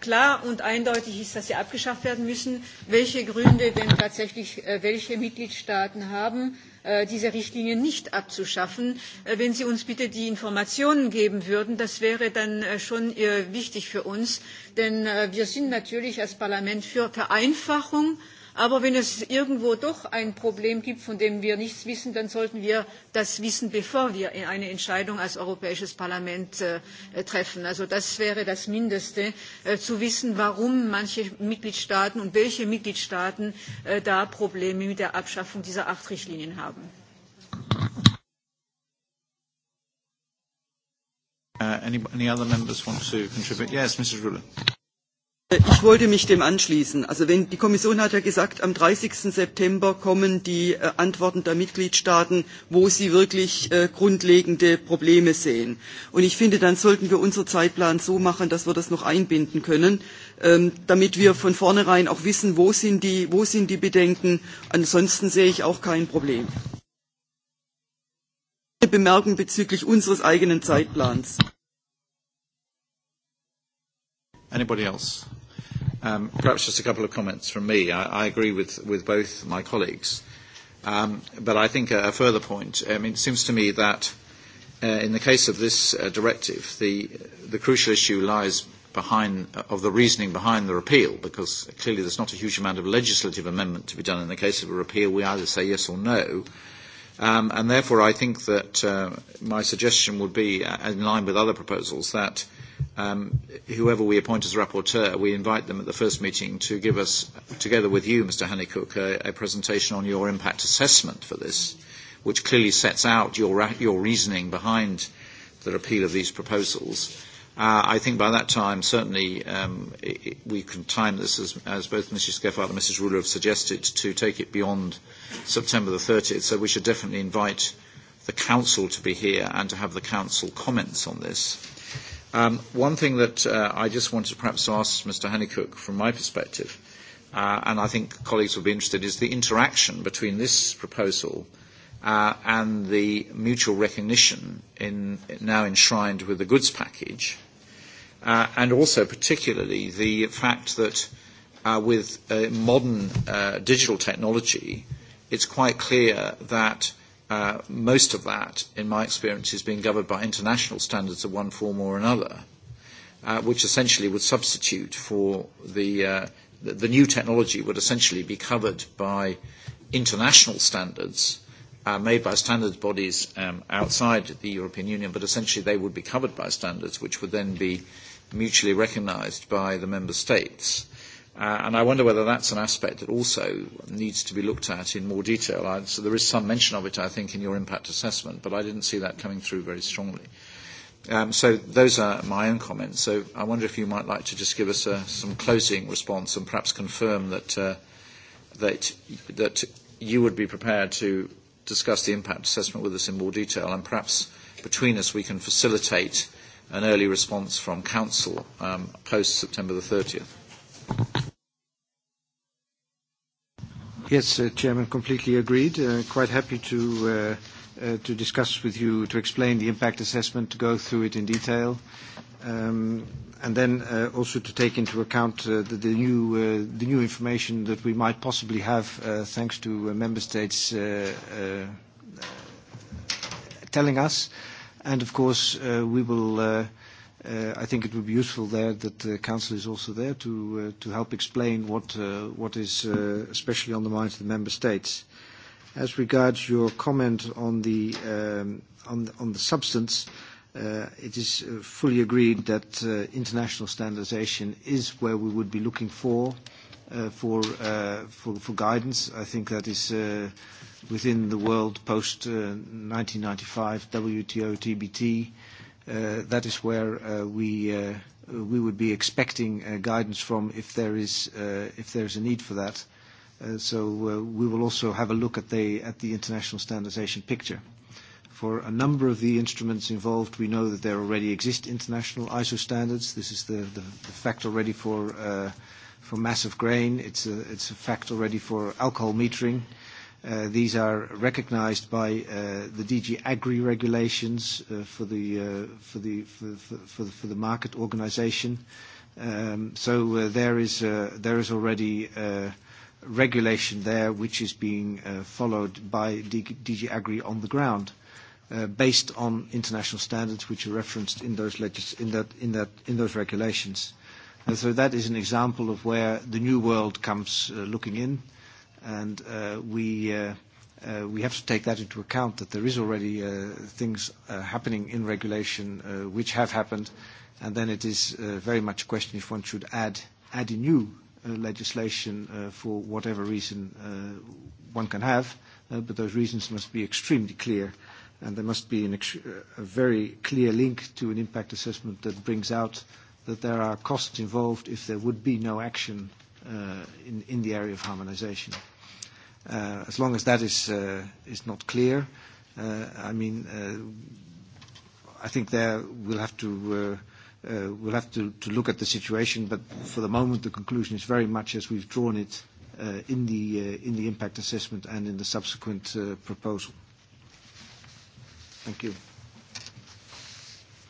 klar und eindeutig ist, dass sie abgeschafft werden müssen, welche Gründe denn tatsächlich welche Mitgliedstaaten haben, Äh, diese Richtlinie nicht abzuschaffen. Äh, wenn Sie uns bitte die Informationen geben würden, das wäre dann äh, schon wichtig für uns, denn wir sind natürlich als Parlament für Vereinfachung Aber wenn es irgendwo doch ein Problem gibt, von dem wir nichts wissen, dann sollten wir das wissen, bevor wir eine Entscheidung als Europäisches Parlament äh, treffen. Also das wäre das Mindeste, äh, zu wissen, warum manche Mitgliedstaaten und welche Mitgliedstaaten äh, da Probleme mit der Abschaffung dieser acht Richtlinien haben. Uh, any, any other members want to contribute? Yes, Mrs. Ruler. Ich wollte mich dem anschließen. Also wenn, die Kommission hat ja gesagt, am 30. September kommen die äh, Antworten der Mitgliedstaaten, wo sie wirklich äh, grundlegende Probleme sehen. Und ich finde, dann sollten wir unseren Zeitplan so machen, dass wir das noch einbinden können, ähm, damit wir von vornherein auch wissen, wo sind, die, wo sind die Bedenken. Ansonsten sehe ich auch kein Problem. Eine Bemerkung bezüglich unseres eigenen Zeitplans. Anybody else? Um, perhaps just a couple of comments from me. I, I agree with, with both my colleagues. Um, but I think a, a further point, I mean, it seems to me that uh, in the case of this uh, directive, the, the crucial issue lies behind, uh, of the reasoning behind the repeal, because clearly there's not a huge amount of legislative amendment to be done in the case of a repeal. We either say yes or no. Um, and therefore, I think that uh, my suggestion would be, uh, in line with other proposals, that um, whoever we appoint as rapporteur, we invite them at the first meeting to give us, together with you, Mr. Hannicook, a, a presentation on your impact assessment for this, which clearly sets out your, your reasoning behind the repeal of these proposals Uh, I think by that time, certainly, um, it, it, we can time this, as, as both Mrs. Skeffard and Mrs. Ruler have suggested, to take it beyond September the 30th. So we should definitely invite the Council to be here and to have the Council comments on this. Um, one thing that uh, I just wanted perhaps to ask Mr. Honeycook from my perspective, uh, and I think colleagues will be interested, is the interaction between this proposal – uh, and the mutual recognition in, now enshrined with the goods package, uh, and also particularly the fact that uh, with uh, modern uh, digital technology, it's quite clear that uh, most of that, in my experience, is being governed by international standards of one form or another, uh, which essentially would substitute for the, uh, the new technology would essentially be covered by international standards uh, made by standards bodies um, outside the European Union, but essentially they would be covered by standards which would then be mutually recognised by the member states. Uh, and I wonder whether that's an aspect that also needs to be looked at in more detail. I, so there is some mention of it, I think, in your impact assessment, but I didn't see that coming through very strongly. Um, so those are my own comments. So I wonder if you might like to just give us a, uh, some closing response and perhaps confirm that, uh, that, that you would be prepared to discuss the impact assessment with us in more detail, and perhaps between us we can facilitate an early response from Council um, post September the 30th. Yes, uh, Chairman, completely agreed. Uh, quite happy to, uh, uh, to discuss with you, to explain the impact assessment, to go through it in detail. Uh, Um, and then uh, also to take into account uh, uh, the, new, information that we might possibly have thanks to member states telling us. And of course, we will, I think it would be useful there that the council is also there to, help explain what, is especially on the minds of the member states. As regards your comment on the um, substance, Uh, it is uh, fully agreed that uh, international standardization is where we would be looking for uh, for, for, for guidance. I think that is within the world post 1995 WTO, TBT. That is where we, we would be expecting guidance from if there is, if there is a need for that. So, we will also have a look at the, at the international standardization picture. For a number of the instruments involved, we know that there already exist international ISO standards. This is the, the, the fact already for, uh, for massive grain. It's a, it's a fact already for alcohol metering. Uh, these are recognized by uh, the DG Agri regulations uh, for, the, uh, for, the, for, for for, the for the market organization. Um, so uh, there is, uh, there is already uh, regulation there which is being uh, followed by DG Agri on the ground. Uh, Uh, based on international standards which are referenced in those, regulations. so that is an example of where the new world comes uh, looking in, and uh, we, have to take that into account, that there is already things happening in regulation which have happened, and then it is very much a question if one should add, a new legislation for whatever reason one can have, but those reasons must be extremely clear and there must be an, a very clear link to an impact assessment that brings out that there are costs involved if there would be no action uh, in, in the area of harmonization. Uh, as long as that is, uh, is not clear, uh, I mean, uh, I think there we'll have to uh, Uh, we'll have to, to look at the situation, but for the moment, the conclusion is very much as we've drawn it uh, in, the, uh, in the impact assessment and in the subsequent uh, proposal. Thank you.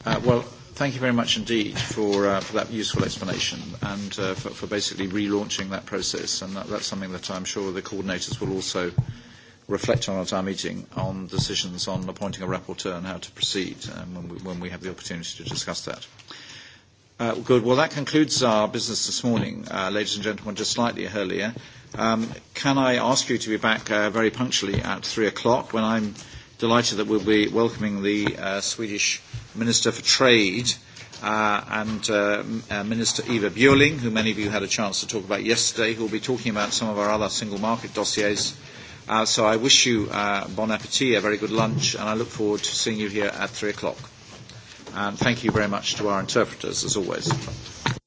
Uh, well, thank you very much indeed for, uh, for that useful explanation and uh, for, for basically relaunching that process. And that, that's something that I'm sure the coordinators will also reflect on at our meeting on decisions on appointing a rapporteur and how to proceed um, when, we, when we have the opportunity to discuss that. Uh, good. Well, that concludes our business this morning, uh, ladies and gentlemen, just slightly earlier. Um, can I ask you to be back uh, very punctually at three o'clock when I'm delighted that we'll be welcoming the uh, Swedish Minister for Trade uh, and uh, uh, Minister Eva Björling, who many of you had a chance to talk about yesterday, who will be talking about some of our other single market dossiers. Uh, so I wish you uh, bon appetit, a very good lunch, and I look forward to seeing you here at three o'clock. And um, thank you very much to our interpreters, as always.